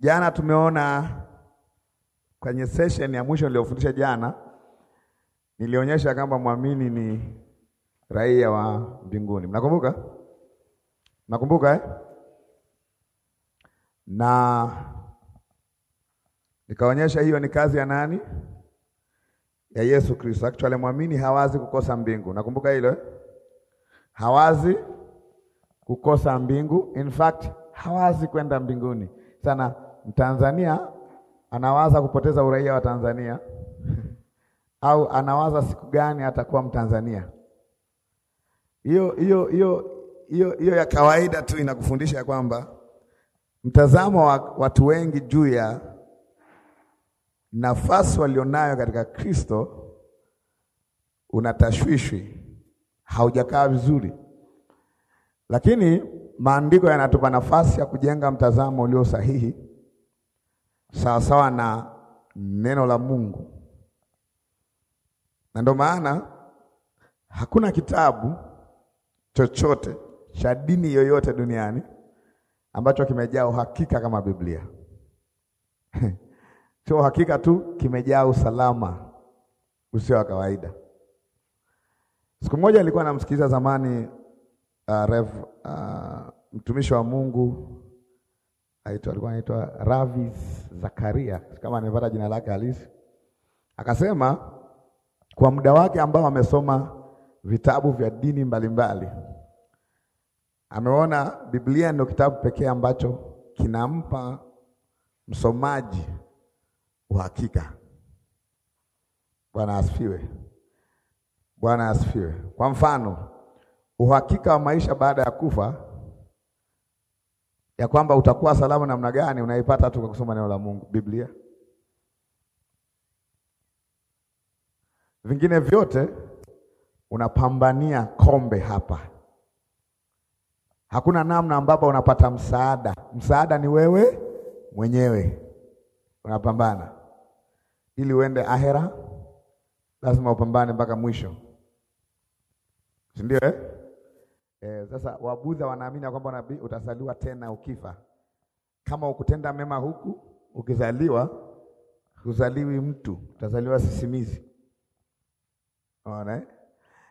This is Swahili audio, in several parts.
Jana tumeona kwenye session ya mwisho niliyofundisha jana, nilionyesha kwamba mwamini ni raia wa mbinguni. Mnakumbuka? Mnakumbuka eh? Na nikaonyesha hiyo ni kazi ya nani? Ya Yesu Kristo. Actually mwamini hawazi kukosa mbingu. Nakumbuka hilo eh? Hawazi kukosa mbingu. In fact, hawazi kwenda mbinguni sana Mtanzania anawaza kupoteza uraia wa Tanzania au anawaza siku gani atakuwa Mtanzania? Hiyo hiyo hiyo hiyo hiyo ya kawaida tu inakufundisha ya kwamba mtazamo wa watu wengi juu ya nafasi walionayo katika Kristo unatashwishwi, haujakaa vizuri, lakini maandiko yanatupa nafasi ya kujenga mtazamo ulio sahihi sawasawa na neno la Mungu, na ndio maana hakuna kitabu chochote cha dini yoyote duniani ambacho kimejaa uhakika kama Biblia. Sio uhakika tu, kimejaa usalama usio wa kawaida. Siku moja alikuwa namsikiliza zamani uh, rev, uh, mtumishi wa Mungu aitwa alikuwa anaitwa Ravis Zakaria, kama amepata jina lake halisi. Akasema kwa muda wake ambao amesoma vitabu vya dini mbalimbali mbali. Ameona Biblia ndio kitabu pekee ambacho kinampa msomaji uhakika. Bwana asifiwe. Bwana asifiwe. Kwa mfano, uhakika wa maisha baada ya kufa ya kwamba utakuwa salama namna gani, unaipata tu kwa kusoma neno la Mungu, Biblia. Vingine vyote unapambania kombe hapa. Hakuna namna ambapo unapata msaada. Msaada ni wewe mwenyewe, unapambana ili uende ahera, lazima upambane mpaka mwisho, si ndio eh? Sasa Wabudha wanaamini kwamba nabii utazaliwa tena ukifa, kama ukutenda mema huku ukizaliwa, huzaliwi mtu, utazaliwa sisimizi. Unaona? Eh?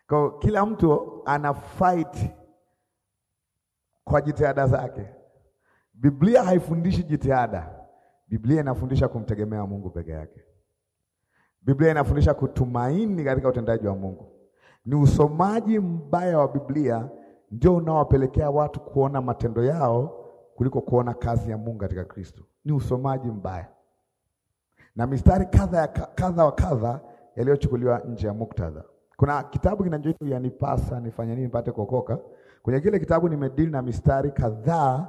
Kwa kila mtu ana fight kwa jitihada zake. Biblia haifundishi jitihada. Biblia inafundisha kumtegemea Mungu peke yake. Biblia inafundisha kutumaini katika utendaji wa Mungu. Ni usomaji mbaya wa Biblia ndio unaowapelekea watu kuona matendo yao kuliko kuona kazi ya Mungu katika Kristo. Ni usomaji mbaya, na mistari kadha kadha wa kadha yaliyochukuliwa nje ya muktadha. Kuna kitabu kinachoitwa yanipasa nifanye nini nipate kuokoka. Kwenye kile kitabu nimedili na mistari kadhaa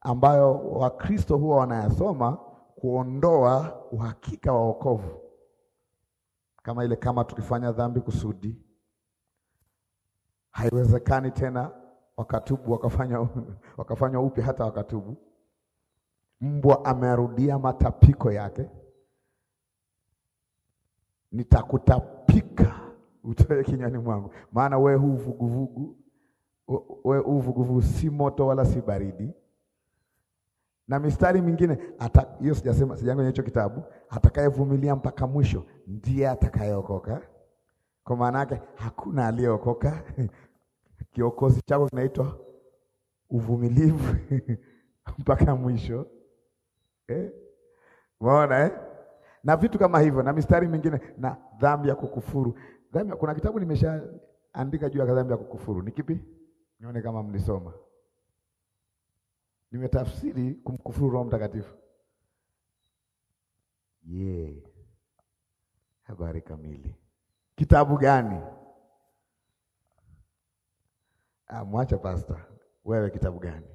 ambayo Wakristo huwa wanayasoma kuondoa uhakika wa wokovu, kama ile kama tukifanya dhambi kusudi haiwezekani tena wakatubu wakafanya wakafanya upya hata wakatubu. Mbwa amerudia matapiko yake, nitakutapika utoe kinywani mwangu, maana we huu vuguvugu, we huu vuguvugu si moto wala si baridi. Na mistari mingine hiyo sijasema, sijaangalia hicho kitabu. Atakayevumilia mpaka mwisho ndiye atakayeokoka. Kwa maana yake hakuna aliyeokoka. Kiokozi chako kinaitwa uvumilivu mpaka mwisho eh? Umeona eh? na vitu kama hivyo na mistari mingine na dhambi ya kukufuru dhambi. Kuna kitabu nimeshaandika juu ya dhambi ya kukufuru, ni kipi? Nione kama mlisoma. Nimetafsiri kumkufuru Roho Mtakatifu ye yeah. habari kamili kitabu gani? Ah, mwacha pasta, wewe kitabu gani?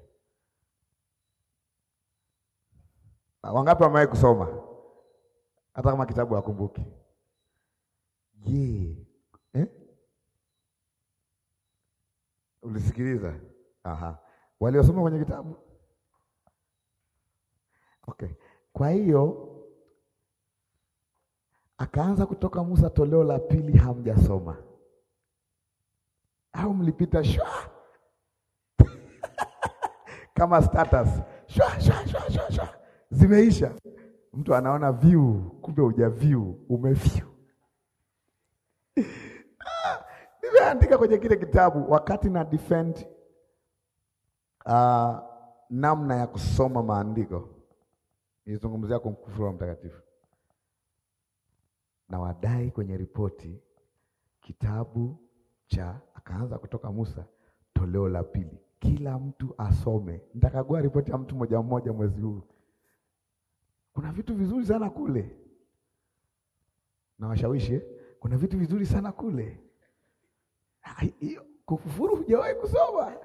Ah, wangapi wamewahi kusoma hata kama kitabu hakumbuki? Je, eh? Ulisikiliza? Aha, waliosoma kwenye kitabu. Okay, kwa hiyo akaanza kutoka Musa toleo la pili, hamjasoma au mlipita shwa kama status shwa shwa shwa shwa shwa, zimeisha. Mtu anaona view, kumbe uja view, umeview ah, nimeandika kwenye kile kitabu wakati na defend uh, namna ya kusoma maandiko, nizungumzia kumkufuru wa mtakatifu na wadai kwenye ripoti kitabu cha akaanza kutoka Musa toleo la pili, kila mtu asome. Nitakagua ripoti ya mtu mmoja mmoja mwezi huu. Kuna vitu vizuri sana kule, na washawishi, eh? kuna vitu vizuri sana kule. kufufuru hujawahi kusoma.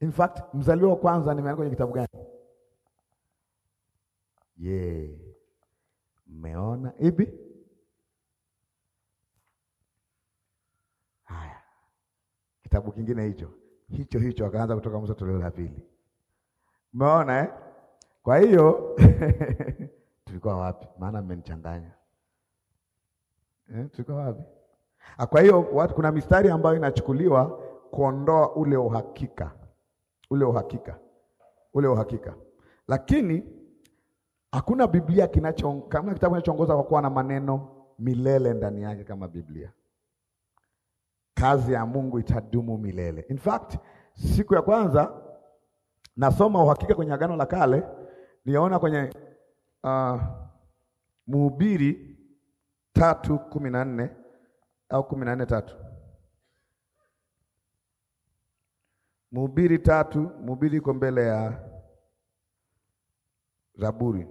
In fact, mzaliwa wa kwanza nimeandika kwenye kitabu gani? Yeah. Mmeona ibi? Haya, kitabu kingine hicho hicho hicho, akaanza kutoka Musa toleo la pili. Mmeona eh? Kwa hiyo tulikuwa wapi? Maana mmenichanganya eh, tulikuwa wapi? Ah, kwa hiyo watu, kuna mistari ambayo inachukuliwa kuondoa ule uhakika, ule uhakika, ule uhakika, lakini Hakuna Biblia kinachoongoza kama kitabu kinachoongoza kwa kuwa na maneno milele ndani yake kama Biblia. Kazi ya Mungu itadumu milele. In fact, siku ya kwanza nasoma uhakika kwenye Agano la Kale, niliona kwenye uh, Mhubiri tatu kumi na nne au kumi na nne tatu Mhubiri tatu Mhubiri iko mbele ya Zaburi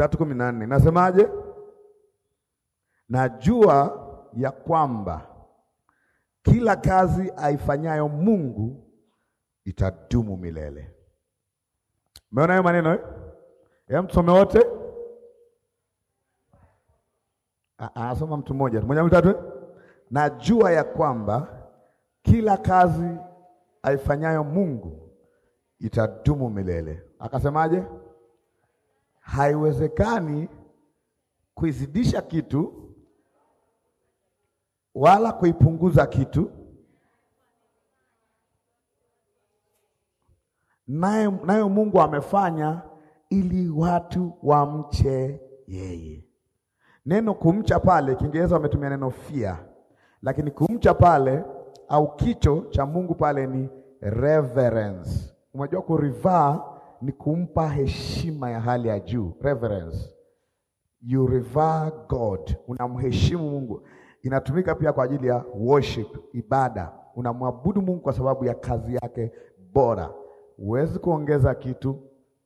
tatu kumi na nne nasemaje? Najua ya kwamba kila kazi aifanyayo Mungu itadumu milele. Umeona hayo maneno eh? Ya msome wote, anasoma ah, ah, mtu mmoja mmoja mtatu. Eh? Najua ya kwamba kila kazi aifanyayo Mungu itadumu milele. Akasemaje? haiwezekani kuizidisha kitu wala kuipunguza kitu, naye nayo Mungu amefanya ili watu wamche yeye. Neno kumcha pale, Kiingereza wametumia neno fear, lakini kumcha pale au kicho cha Mungu pale ni reverence. Umejua kurivaa ni kumpa heshima ya hali ya juu, reverence. You revere God, unamheshimu Mungu. Inatumika pia kwa ajili ya worship, ibada. Unamwabudu Mungu kwa sababu ya kazi yake bora. Huwezi kuongeza kitu,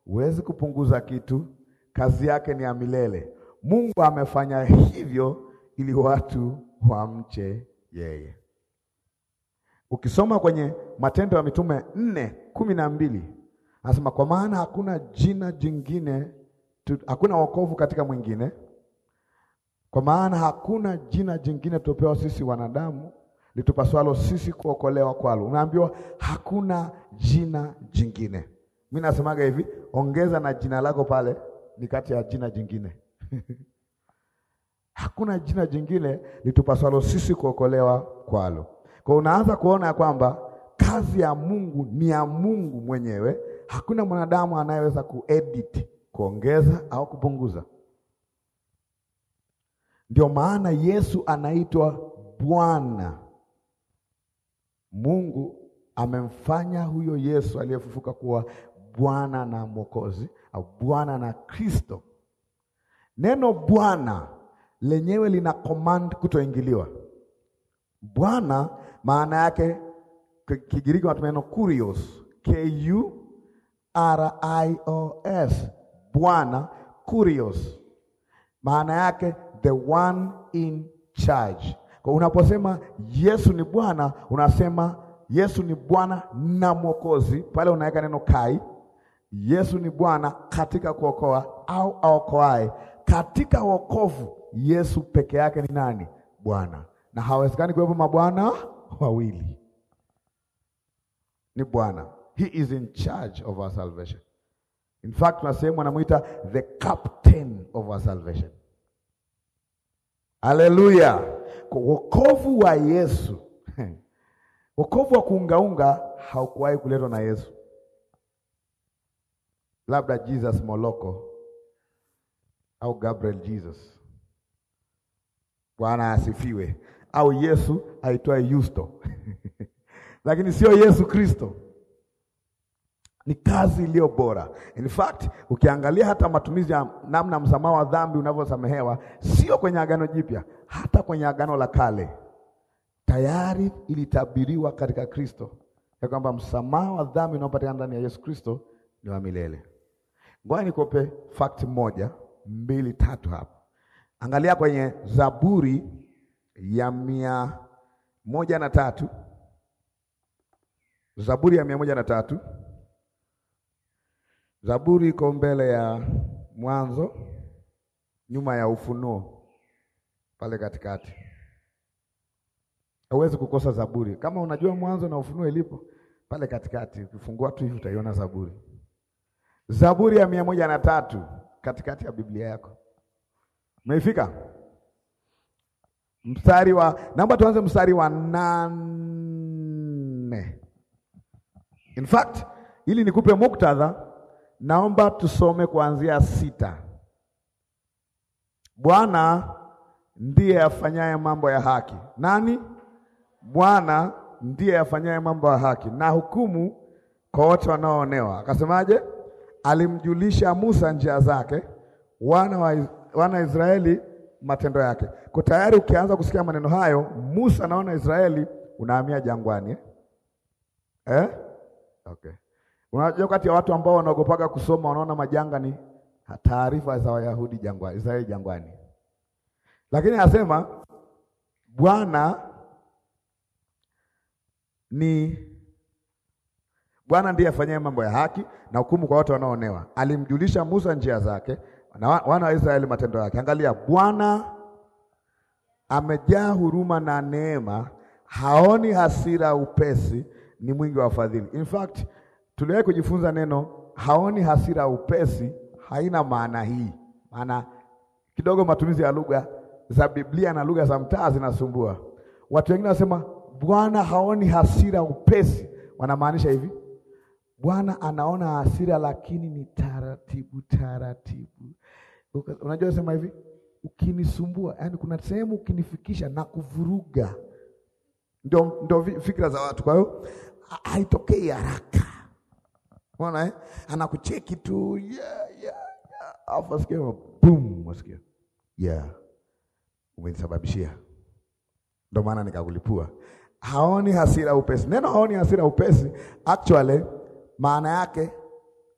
huwezi kupunguza kitu. Kazi yake ni ya milele. Mungu amefanya hivyo ili watu wamche yeye. Ukisoma kwenye Matendo ya Mitume nne kumi na mbili Anasema kwa maana hakuna jina jingine tu, hakuna wokovu katika mwingine, kwa maana hakuna jina jingine tupewa sisi wanadamu litupaswalo sisi kuokolewa kwalo. Unaambiwa hakuna jina jingine. Mimi nasemaga hivi, ongeza na jina lako pale, ni kati ya jina jingine hakuna jina jingine litupaswalo sisi kuokolewa kwalo. Kwa unaanza kuona ya kwamba kazi ya Mungu ni ya Mungu mwenyewe hakuna mwanadamu anayeweza kuedit, kuongeza au kupunguza. Ndio maana Yesu anaitwa Bwana. Mungu amemfanya huyo Yesu aliyefufuka kuwa Bwana na Mwokozi au Bwana na Kristo. Neno Bwana lenyewe lina command kutoingiliwa. Bwana maana yake Kigiriki wanatumia neno kurios, ku R-I-O-S, Bwana Kurios, maana yake the one in charge. Kwa unaposema Yesu ni Bwana, unasema Yesu ni Bwana na Mwokozi, pale unaweka neno kai. Yesu ni Bwana katika kuokoa au aokoae. Katika wokovu Yesu peke yake ni nani? Bwana, na hawezekani kuwepo mabwana wawili, ni Bwana. He is in charge of our salvation. In fact, kuna sehemu anamuita the captain of our salvation. Haleluya! Wokovu wa Yesu, wokovu wa kuungaunga haukuwahi kuletwa na Yesu, labda Jesus Moloko au Gabriel Jesus, Bwana asifiwe, au Yesu aitwaye Yusto lakini sio Yesu Kristo. Ni kazi iliyo bora. In fact, ukiangalia hata matumizi ya namna msamaha wa dhambi unavyosamehewa sio kwenye Agano Jipya, hata kwenye Agano la Kale tayari ilitabiriwa katika Kristo ya kwamba msamaha wa dhambi unaopatikana ndani ya Yesu Kristo ni wa milele. Ngoja nikupe fact moja, mbili, tatu hapa. Angalia kwenye Zaburi ya mia moja na tatu Zaburi ya mia moja na tatu Zaburi iko mbele ya Mwanzo, nyuma ya Ufunuo, pale katikati. Hauwezi kukosa Zaburi kama unajua Mwanzo na Ufunuo ilipo pale katikati. Ukifungua tu hivi utaiona Zaburi. Zaburi ya mia moja na tatu katikati ya Biblia yako. Umeifika? Mstari wa naomba tuanze mstari wa nane. In fact, ili nikupe muktadha Naomba tusome kuanzia sita. Bwana ndiye afanyaye mambo ya haki. Nani? Bwana ndiye afanyaye mambo ya haki na hukumu kwa wote wanaoonewa. Akasemaje? Alimjulisha Musa njia zake, wana wa wana Israeli matendo yake. Kwa tayari ukianza kusikia maneno hayo, Musa naona Israeli unahamia jangwani eh? Eh? Okay. Unajua, kati ya watu ambao wanaogopaga kusoma wanaona majanga ni taarifa za Wayahudi jangwani, Israeli jangwani, lakini anasema Bwana ni Bwana ndiye afanyaye mambo ya haki na hukumu kwa watu wanaoonewa. Alimjulisha Musa njia zake na wana wa Israeli matendo yake. Angalia, Bwana amejaa huruma na neema, haoni hasira upesi, ni mwingi wa fadhili. In fact Tuliwahi kujifunza neno haoni hasira upesi, haina maana hii. Maana kidogo matumizi ya lugha za Biblia na lugha za mtaa zinasumbua watu. Wengine wanasema Bwana haoni hasira upesi, wanamaanisha hivi, Bwana anaona hasira lakini ni taratibu taratibu. Unajua sema hivi, ukinisumbua, yani kuna sehemu ukinifikisha na kuvuruga, ndio ndio fikra za watu. Kwa hiyo haitokei haraka Unaona eh? Anakucheki tu yeah, yeah, yeah. Alafu asikia boom, asikia yeah, umenisababishia, ndio maana nikakulipua. Haoni hasira upesi. Neno haoni hasira upesi actually maana yake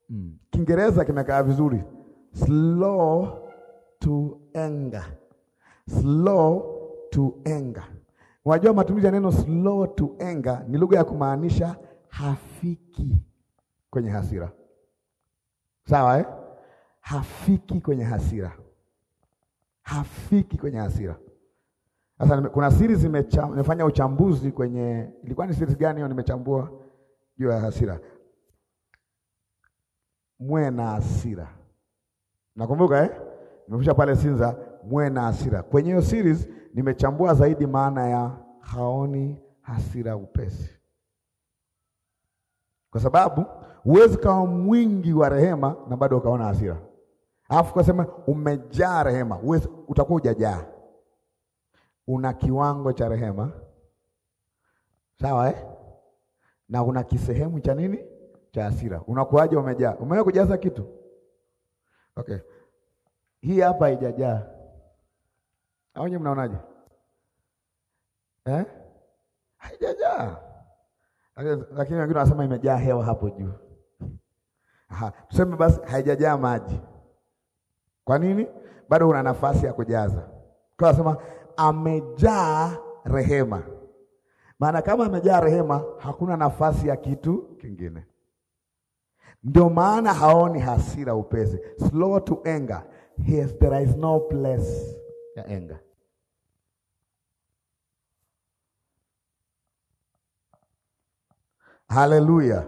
mm, Kiingereza kimekaa vizuri slow to anger. Slow to anger. Unajua matumizi ya neno slow to anger ni lugha ya kumaanisha hafiki kwenye hasira. Sawa eh? Hafiki kwenye hasira, hafiki kwenye hasira. Sasa kuna siri zimefanya uchambuzi kwenye, ilikuwa ni siri gani hiyo? Nimechambua juu ya hasira. Mwe na hasira, nakumbuka eh? Nimefusha pale Sinza, mwe na hasira. Kwenye hiyo series nimechambua zaidi maana ya haoni hasira upesi kwa sababu huwezi kawa mwingi wa rehema na bado ukaona hasira, alafu kasema umejaa rehema. Uwezi, utakuwa hujajaa. Una kiwango cha rehema sawa, eh? na una kisehemu cha nini cha hasira. Unakuwaje umejaa? Umewahi kujaza kitu? Okay, hii hapa haijajaa au nyinyi mnaonaje eh? haijajaa lakini wengine wanasema imejaa hewa hapo juu. Aha, tuseme basi haijajaa maji. Kwa nini? Bado una nafasi ya kujaza. Kwa nasema amejaa rehema, maana kama amejaa rehema hakuna nafasi ya kitu kingine. Ndio maana haoni hasira upesi, slow to anger. has, there is no place ya anger. Haleluya!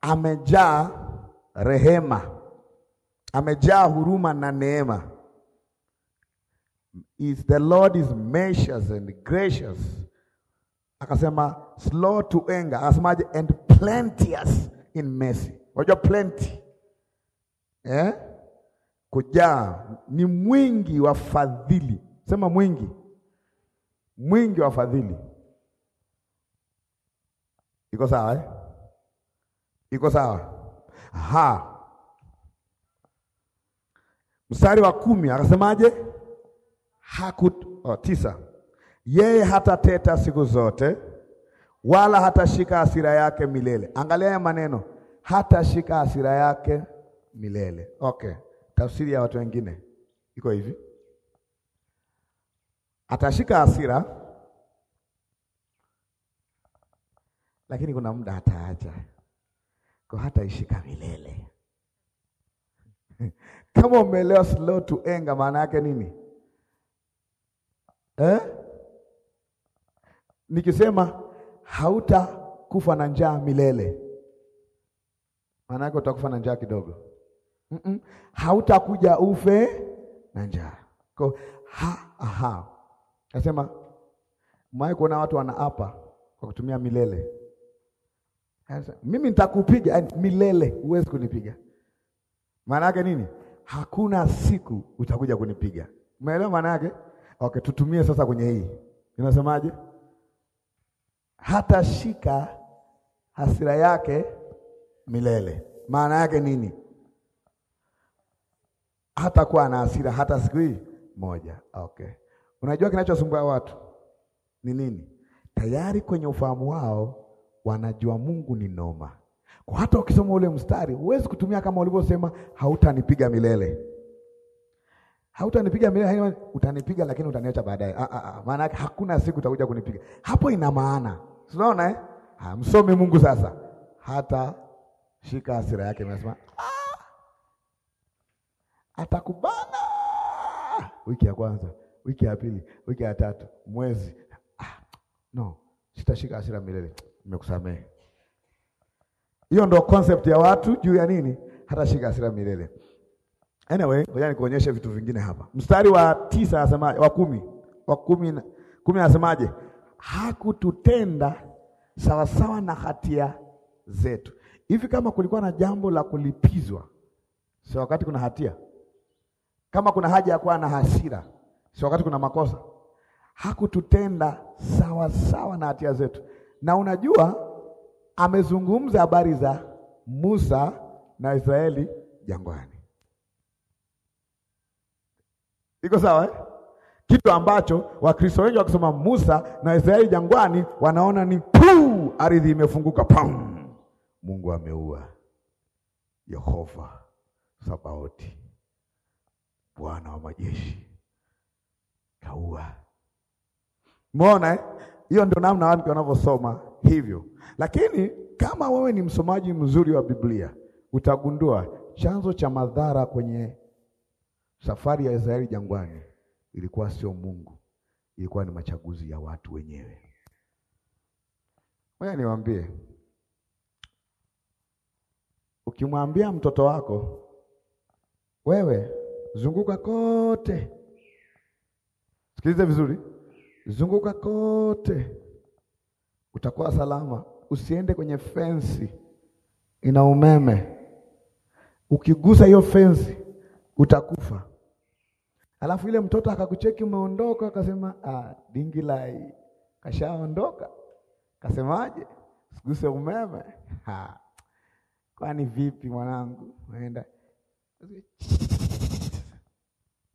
Amejaa rehema, amejaa huruma na neema. Is the Lord is merciful and gracious. Akasema slow to anger, akasemaje? And plenteous in mercy. Unajua plenty eh? Kujaa ni mwingi wa fadhili. Sema mwingi, mwingi wa fadhili Iko sawa eh? Iko sawa ha. Mstari wa kumi akasemaje? haku oh, tisa, yeye hatateta siku zote wala hatashika hasira yake milele. Angalia ya maneno, hatashika hasira yake milele. Okay, tafsiri ya watu wengine iko hivi, atashika hasira lakini kuna muda hataacha, kwa ishika milele kama umeelewa slow to anger maana yake nini eh? Nikisema hautakufa na njaa milele, maana yake utakufa na njaa kidogo. mm -mm. Hautakuja ufe na njaa ko ha, aha. Nasema mwae kuona watu wanaapa kwa kutumia milele mimi nitakupiga milele, huwezi kunipiga. Maana yake nini? Hakuna siku utakuja kunipiga. Umeelewa maana yake? Okay, tutumie sasa kwenye hii inasemaje? Hata shika hasira yake milele. Maana yake nini? Hata na hasira hata siku hii moja. Okay, unajua kinachosumbua watu ni nini? Tayari kwenye ufahamu wao wanajua Mungu ni noma. Kwa hata ukisoma ule mstari huwezi kutumia kama ulivyosema, hautanipiga milele, hautanipiga milele. Haina utanipiga, lakini utaniacha baadaye. Ah, ah, ah, maana yake hakuna siku utakuja kunipiga. Hapo ina maana, unaona eh? Msome Mungu sasa, hata shika hasira yake, nasema atakubana wiki ya kwanza, wiki ya pili, wiki ya tatu, mwezi ah, no, sitashika hasira milele nimekusamehe. Hiyo ndo concept ya watu juu ya nini, hata shika hasira milele. Anyway, ngoja nikuonyeshe vitu vingine hapa. Mstari wa tisa anasemaje? Wa kumi, wa kumi, kumi anasemaje? Hakututenda sawasawa na hatia zetu. Hivi kama kulikuwa na jambo la kulipizwa, sio wakati kuna hatia? Kama kuna haja ya kuwa na hasira, sio wakati kuna makosa? Hakututenda sawasawa na hatia zetu. Na unajua amezungumza habari za Musa na Israeli jangwani. Iko sawa eh? Kitu ambacho Wakristo wengi wakisoma Musa na Israeli jangwani wanaona ni puu, ardhi imefunguka pam, Mungu ameua. Yehova Sabaoti, Bwana wa majeshi kaua. Umeona eh? Hiyo ndio namna watu wanavyosoma hivyo. Lakini kama wewe ni msomaji mzuri wa Biblia, utagundua chanzo cha madhara kwenye safari ya Israeli jangwani ilikuwa sio Mungu, ilikuwa ni machaguzi ya watu wenyewe. Wewe niwaambie, ukimwambia mtoto wako wewe zunguka kote, sikilize vizuri zunguka kote, utakuwa salama. Usiende kwenye fensi ina umeme, ukigusa hiyo fensi utakufa. Alafu ile mtoto akakucheki umeondoka, akasema ah, dingi lai kashaondoka. Kasemaje? siguse umeme. Ha. Kwani vipi mwanangu? Unaenda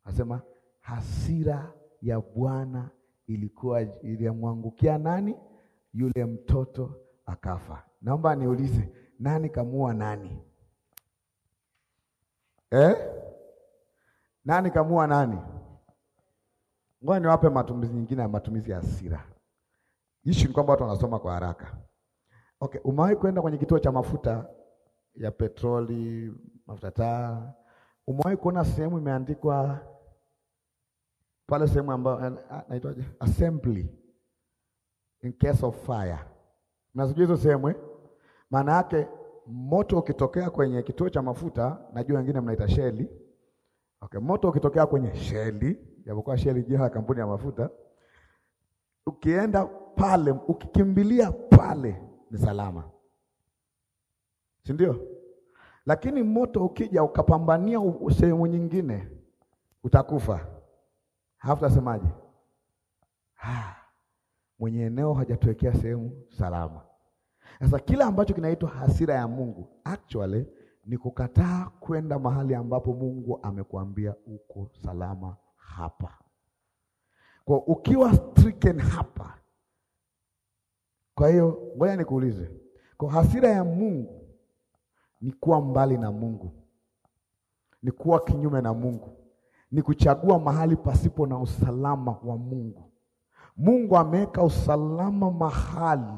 asema hasira ya Bwana ilikuwa ilimwangukia nani? Yule mtoto akafa. Naomba niulize, nani kamua nani eh? Nani kamua nani? Ngoja niwape matumizi nyingine ya matumizi ya hasira. Issue ni kwamba watu wanasoma kwa haraka. Okay, umewahi kwenda kwenye kituo cha mafuta ya petroli, mafuta taa, umewahi kuona sehemu imeandikwa pale sehemu ambayo naitwaje, assembly in case of fire. Mnazijua hizo sehemu eh? Maana yake moto ukitokea kwenye kituo cha mafuta, najua wengine mnaita sheli. Okay, moto ukitokea kwenye sheli, japokuwa sheli jina la kampuni ya mafuta, ukienda pale, ukikimbilia pale ni salama, si ndio? Lakini moto ukija ukapambania sehemu nyingine, utakufa. Hafu tasemaje? mwenye eneo hajatuwekea sehemu salama. Sasa kila ambacho kinaitwa hasira ya Mungu actually ni kukataa kwenda mahali ambapo Mungu amekuambia uko salama hapa. Kwa ukiwa stricken hapa. Kwa hiyo ngoja nikuulize. Kwa hasira ya Mungu ni kuwa mbali na Mungu. Ni kuwa kinyume na Mungu ni kuchagua mahali pasipo na usalama wa Mungu. Mungu ameweka usalama mahali,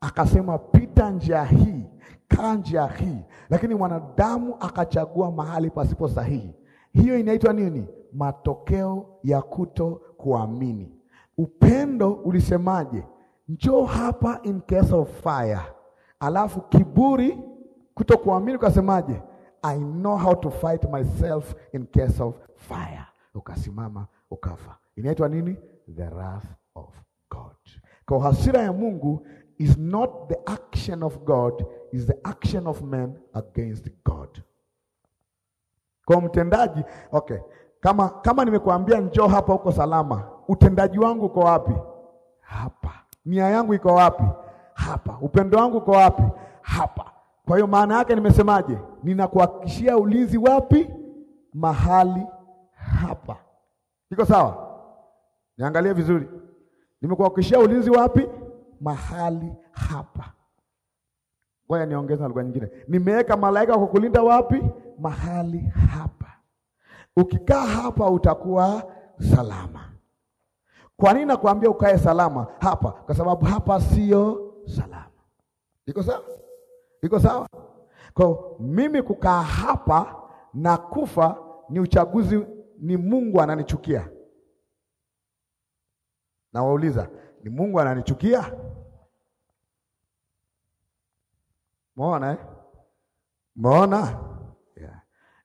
akasema pita njia hii, kaa njia hii, lakini mwanadamu akachagua mahali pasipo sahihi. Hiyo inaitwa nini? Matokeo ya kuto kuamini. Upendo ulisemaje? Njoo hapa in case of fire, alafu kiburi, kuto kuamini, ukasemaje? I know how to fight myself in case of fire. Ukasimama ukafa. Inaitwa nini? The wrath of God. Kwa hasira ya Mungu is not the action of God, is the action of man against God. Kwa mtendaji, okay. Kama kama nimekuambia njoo hapa uko salama, utendaji wangu uko wapi? Hapa. Nia yangu iko wapi? Hapa. Upendo wangu uko wapi? Hapa. Kwa hiyo maana yake nimesemaje? Ninakuhakikishia ulinzi wapi? Mahali hapa. Iko sawa? Niangalie vizuri. Nimekuhakikishia ulinzi wapi? Mahali hapa. Ngoja niongeze na lugha nyingine. Nimeweka malaika kwa kulinda wapi? Mahali hapa. Ukikaa hapa utakuwa salama. Kwa nini nakwambia ukae salama hapa? Kwa sababu hapa sio salama. Iko sawa? Iko sawa? Kwa mimi kukaa hapa na kufa ni uchaguzi, ni Mungu ananichukia. Nawauliza, ni Mungu ananichukia? Maona eh? Maona hiyo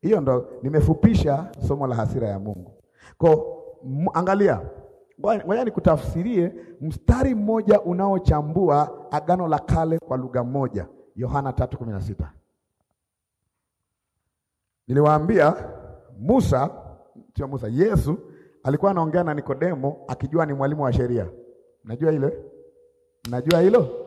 yeah. Ndo nimefupisha somo la hasira ya Mungu. Kwa angalia, ngoja nikutafsirie mstari mmoja unaochambua Agano la Kale kwa lugha moja. Yohana 3:16. Niliwaambia Musa, sio Musa, Yesu alikuwa anaongea na Nikodemo akijua ni mwalimu wa sheria. Najua ile? Najua hilo?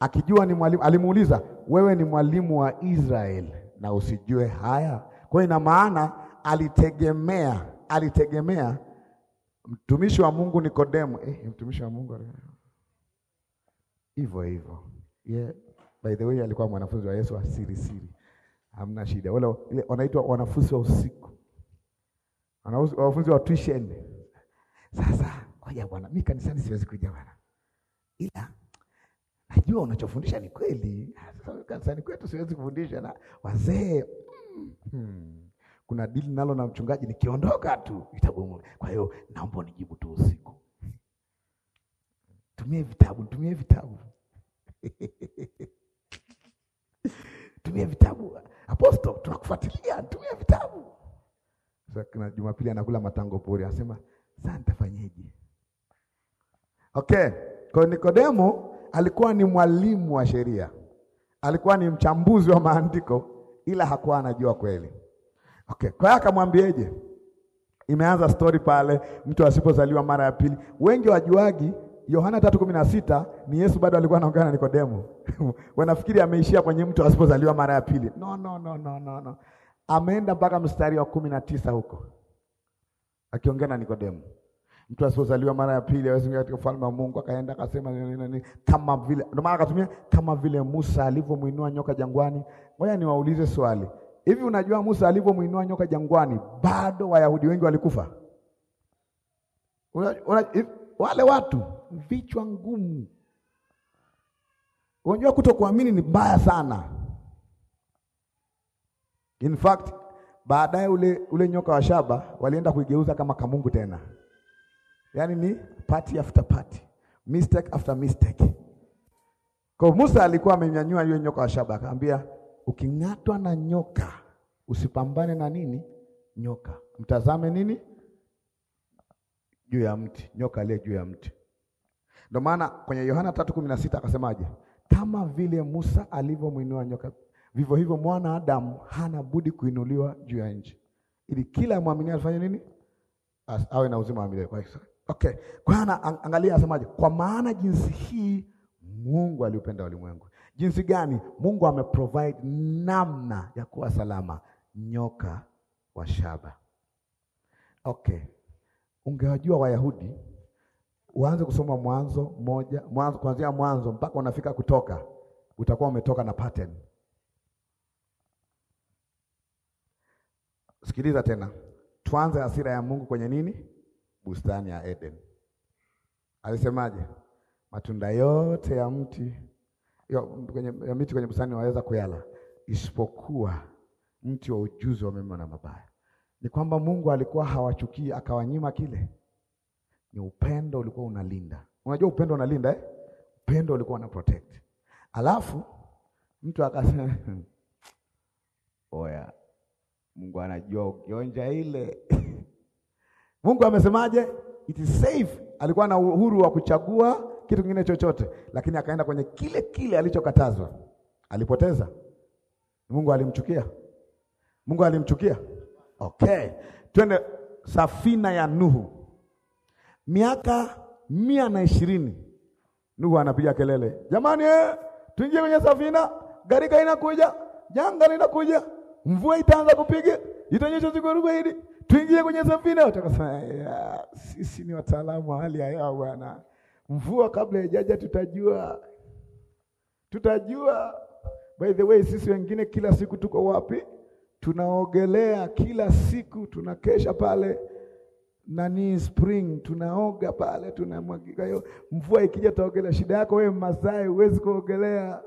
Akijua ni mwalimu, alimuuliza, wewe ni mwalimu wa israel na usijue haya? Kwa hiyo ina maana alitegemea, alitegemea mtumishi wa Mungu Nikodemo, eh, mtumishi wa Mungu hivyo hivyo. Yeah. By the way, alikuwa mwanafunzi wa Yesu asiri siri, hamna shida. Wala ile wanaitwa wanafunzi wa usiku, wanafunzi wa tuition. Sasa oya bwana, mimi kanisani siwezi kuja bwana, ila najua unachofundisha ni kweli. Sasa Kanisani kwetu siwezi kufundisha na wazee Hmm. Kuna dili nalo na mchungaji, nikiondoka tu itabomoka. Kwa hiyo naomba unijibu tu usiku, tumie vitabu, tumie vitabu tumia vitabu aposto, tunakufuatilia, tumia vitabu. Sasa kuna Jumapili anakula matango pori, anasema sasa nitafanyeje? Okay, kwa Nikodemo alikuwa ni mwalimu wa sheria, alikuwa ni mchambuzi wa maandiko, ila hakuwa anajua kweli. Okay, kwa hiyo akamwambieje? Imeanza stori pale, mtu asipozaliwa mara ya pili. Wengi wajuagi Yohana 3:16 ni Yesu bado alikuwa anaongea na Nikodemo. Wanafikiri ameishia kwenye mtu asipozaliwa mara ya pili. No, no, no, no, no, no. Ameenda mpaka mstari wa kumi na tisa huko akiongea na Nikodemo. Mtu asipozaliwa mara ya pili hawezi kuingia katika ufalme wa Mungu. Akaenda akasema nini nini, kama vile ndio maana akatumia kama vile Musa alivyomuinua nyoka jangwani. Ngoja niwaulize swali. Hivi unajua Musa alivyomuinua nyoka jangwani bado Wayahudi wengi walikufa? Una, una, if, wale watu vichwa ngumu. Unajua kutokuamini ni mbaya sana. In fact, baadaye ule, ule nyoka wa shaba walienda kuigeuza kama kamungu tena. Yaani ni party after party, mistake after mistake. Kwa Musa alikuwa amenyanyua yule nyoka wa shaba akamwambia, uking'atwa na nyoka usipambane na nini? Nyoka. Mtazame nini? Juu ya mti, nyoka aliye juu ya mti. Ndio maana kwenye Yohana 3:16 akasemaje? Kama vile Musa alivyomwinua nyoka, vivyo hivyo mwana Adamu hana budi kuinuliwa juu ya nchi, ili kila muamini afanye nini? As, awe na uzima wa milele. Okay. Kwa ana angalia asemaje? Kwa maana jinsi hii Mungu aliupenda ulimwengu. Jinsi gani? Mungu ameprovide namna ya kuwa salama, nyoka wa shaba. Okay. Ungewajua Wayahudi uanze kusoma Mwanzo moja, mwanzo kuanzia Mwanzo mpaka unafika Kutoka, utakuwa umetoka na pattern. Sikiliza tena, tuanze hasira ya Mungu kwenye nini? Bustani ya Eden alisemaje? Matunda yote ya mti yo, kwenye, ya miti kwenye bustani waweza kuyala isipokuwa mti wa ujuzi wa mema na mabaya. Ni kwamba Mungu alikuwa hawachukii akawanyima kile ni upendo ulikuwa unalinda. Unajua upendo unalinda eh? Upendo ulikuwa una protect. Alafu mtu akasema oya, Mungu anajua ukionja ile Mungu amesemaje? It is safe. Alikuwa na uhuru wa kuchagua kitu kingine chochote, lakini akaenda kwenye kile kile alichokatazwa. Alipoteza. Mungu alimchukia. Mungu alimchukia. Okay, twende safina ya Nuhu miaka mia na ishirini Nuhu anapiga kelele, jamani, eh, tuingie kwenye safina, gharika inakuja, janga linakuja, mvua itaanza kupiga, itanyesha siku tuingie kwenye safina. Utakasema sisi ni wataalamu wa hali ya hewa bwana, mvua kabla haijaja tutajua, tutajua. By the way, sisi wengine kila siku tuko wapi? Tunaogelea kila siku, tunakesha pale nani spring tunaoga pale, tunamwagika. Kwa hiyo mvua ikija taogelea. Shida yako wewe Masai, huwezi kuogelea.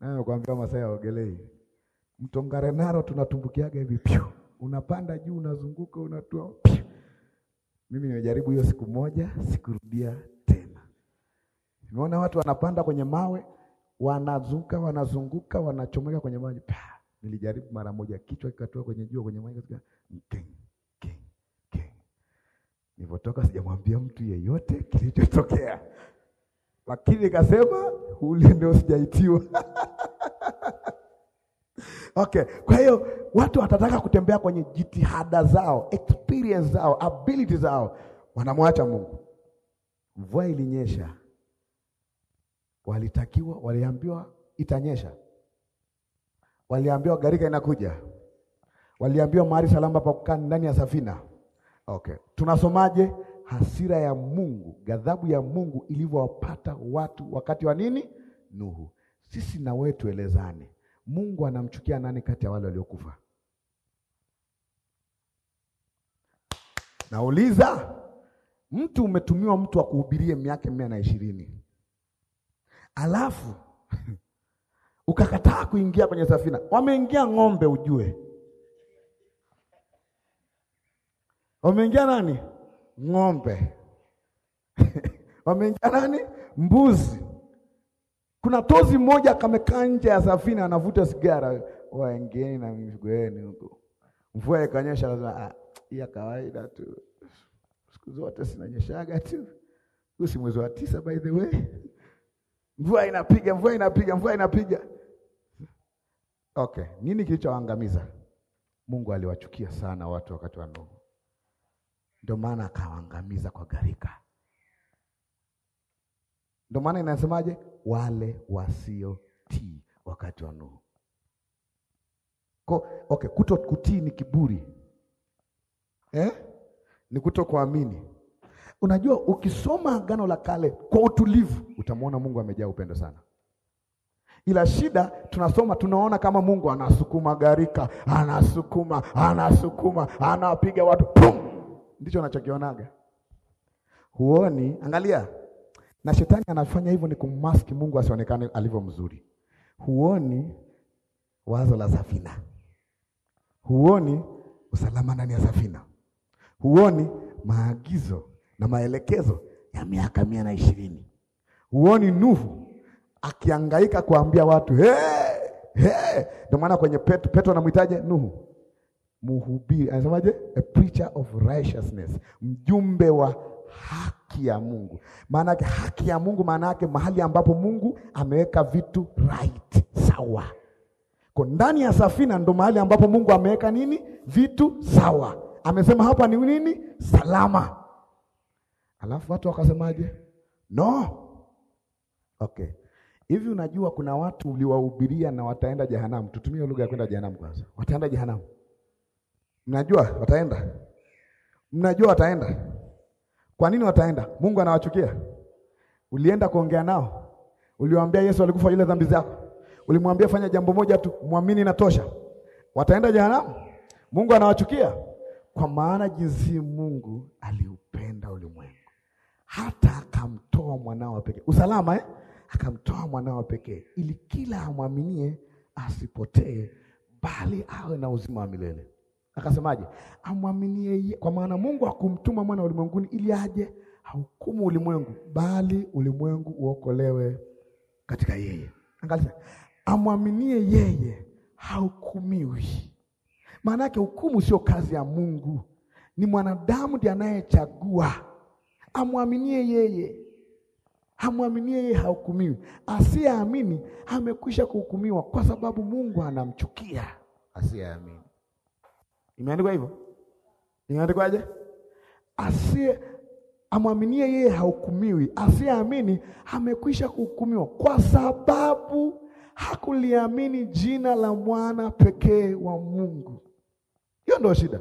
Nayo kuambia Masai aogelee. Mto Ngarenaro tunatumbukiaga hivi pyu, unapanda juu, unazunguka, unatua pyu. Mimi nimejaribu hiyo siku moja, sikurudia tena. Nimeona watu wanapanda kwenye mawe, wanazuka, wanazunguka, wanachomeka kwenye maji. Nilijaribu mara moja, kichwa kikatoka kwenye jua, kwenye maji, katika mkenge Nilipotoka sijamwambia mtu yeyote kilichotokea, lakini nikasema ule ndio sijaitiwa. Okay, kwa hiyo watu watataka kutembea kwenye jitihada zao, experience zao, ability zao, wanamwacha Mungu. Mvua ilinyesha, walitakiwa, waliambiwa itanyesha, waliambiwa gharika inakuja, waliambiwa mahali salama pa kukaa ndani ya safina Okay, tunasomaje? Hasira ya Mungu, ghadhabu ya Mungu ilivyowapata watu wakati wa nini? Nuhu. Sisi na wewe tuelezane, Mungu anamchukia nani kati ya wale waliokufa? Nauliza, mtu umetumiwa mtu akuhubirie miaka mia na ishirini alafu ukakataa kuingia kwenye safina. Wameingia ng'ombe, ujue wameingia nani? Ng'ombe wameingia nani? Mbuzi. Kuna tozi mmoja kamekaa nje ya safina anavuta sigara, waingeni na mizigo yenu huko. Mvua ikanyesha, lazima ah, ya kawaida tu, siku zote sinanyeshaga tu. Huu si mwezi wa tisa, by the way. Mvua inapiga, mvua inapiga, mvua inapiga. Okay, nini kilichoangamiza? Mungu aliwachukia sana watu wakati wa Nuhu. Ndio maana akawaangamiza kwa gharika. Ndio maana inasemaje, wale wasiotii wakati wa Nuhu. Ko, okay, kuto kutii ni kiburi eh? Ni kuto kuamini. Unajua, ukisoma Agano la Kale kwa utulivu utamwona Mungu amejaa upendo sana, ila shida tunasoma, tunaona kama Mungu anasukuma gharika, anasukuma, anasukuma, anapiga watu pum ndicho anachokionaga. Huoni? Angalia, na shetani anafanya hivyo ni kummaski Mungu asionekane alivyo mzuri. Huoni wazo la safina, huoni usalama ndani ya safina, huoni maagizo na maelekezo ya miaka mia na ishirini. Huoni Nuhu akiangaika kuambia watu hey, hey. Ndio maana kwenye Petro, Petro anamwitaje Nuhu mhubiri anasemaje? A preacher of righteousness, mjumbe wa haki ya Mungu. Maana yake haki ya Mungu, maana yake mahali ambapo Mungu ameweka vitu right, sawa. Kwa ndani ya safina ndo mahali ambapo Mungu ameweka nini, vitu sawa. Amesema hapa ni nini, salama. Alafu watu wakasemaje? No, okay. Hivi unajua kuna watu uliwahubiria na wataenda jehanamu. Tutumie lugha ya kwenda jehanamu kwanza, wataenda jehanamu Mnajua wataenda, mnajua wataenda. Kwa nini wataenda? Mungu anawachukia. Ulienda kuongea nao, uliwaambia Yesu alikufa ile dhambi zako, ulimwambia fanya jambo moja tu, muamini na tosha. Wataenda jehanamu? Mungu anawachukia, kwa maana jinsi Mungu aliupenda ulimwengu hata akamtoa mwanao wa pekee, usalama eh? Akamtoa mwanao wa pekee ili kila amwaminie asipotee, bali awe na uzima wa milele. Akasemaje? Amwaminie, kwa maana Mungu hakumtuma mwana ulimwenguni ili aje ahukumu ulimwengu, bali ulimwengu uokolewe katika yeye. Angalia, amwaminie yeye hahukumiwi. Maana yake hukumu sio kazi ya Mungu, ni mwanadamu ndiye anayechagua. Amwaminie yeye, amwaminie yeye hahukumiwi. Asiyeamini amekwisha kuhukumiwa, kwa sababu Mungu anamchukia asiyeamini. Imeandikwa hivyo? Imeandikwaje? Asiye amwaminie yeye hahukumiwi, asiyeamini amekwisha kuhukumiwa kwa sababu hakuliamini jina la mwana pekee wa Mungu. Hiyo ndio shida.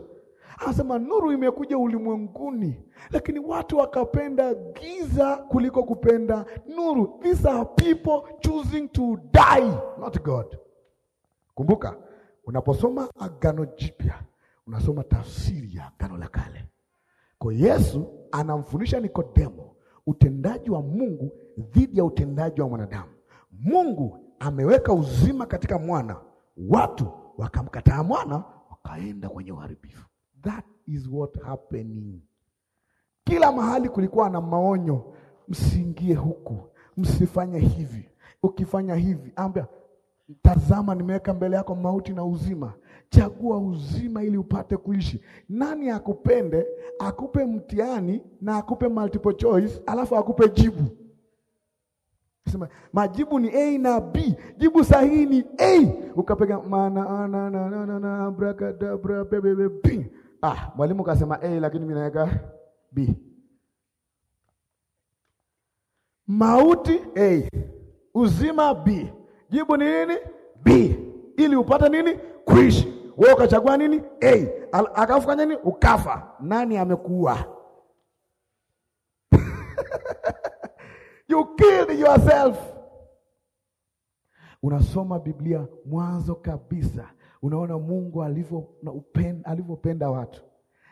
Anasema nuru imekuja ulimwenguni, lakini watu wakapenda giza kuliko kupenda nuru. These are people choosing to die, not God. Kumbuka unaposoma Agano Jipya unasoma tafsiri ya Agano la Kale. Kwa Yesu anamfundisha Nikodemo utendaji wa Mungu dhidi ya utendaji wa mwanadamu. Mungu ameweka uzima katika mwana, watu wakamkataa mwana, wakaenda kwenye uharibifu. That is what happening. Kila mahali kulikuwa na maonyo, msiingie huku, msifanye hivi, ukifanya hivi, ambia tazama, nimeweka mbele yako mauti na uzima, chagua uzima ili upate kuishi. Nani akupende akupe mtihani na akupe multiple choice, alafu akupe jibu? Sema majibu ni A na B, jibu sahihi ni A, ukapiga maana na na na na abrakadabra bebe B. Ah, mwalimu kasema A lakini mimi naweka B. Mauti A, uzima B, jibu ni nini? B ili upate nini? Kuishi. Wewe ukachagua nini? Hey, kanya nini? Ukafa. Nani amekuua? You killed yourself. Unasoma Biblia mwanzo kabisa, unaona Mungu alivyopenda watu.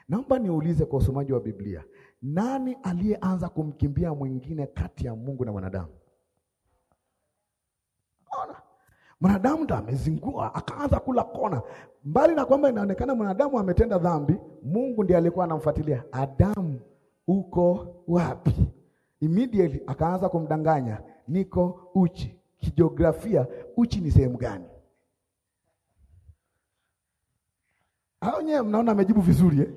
Naomba niulize kwa usomaji wa Biblia, nani aliyeanza kumkimbia mwingine kati ya Mungu na wanadamu? Ona Mwanadamu ndo amezingua akaanza kula kona. Mbali na kwamba inaonekana mwanadamu ametenda dhambi, Mungu ndiye alikuwa anamfuatilia Adamu, uko wapi? Immediately akaanza kumdanganya, niko uchi. Kijiografia uchi ni sehemu gani? Hao nyewe mnaona amejibu vizuri eh?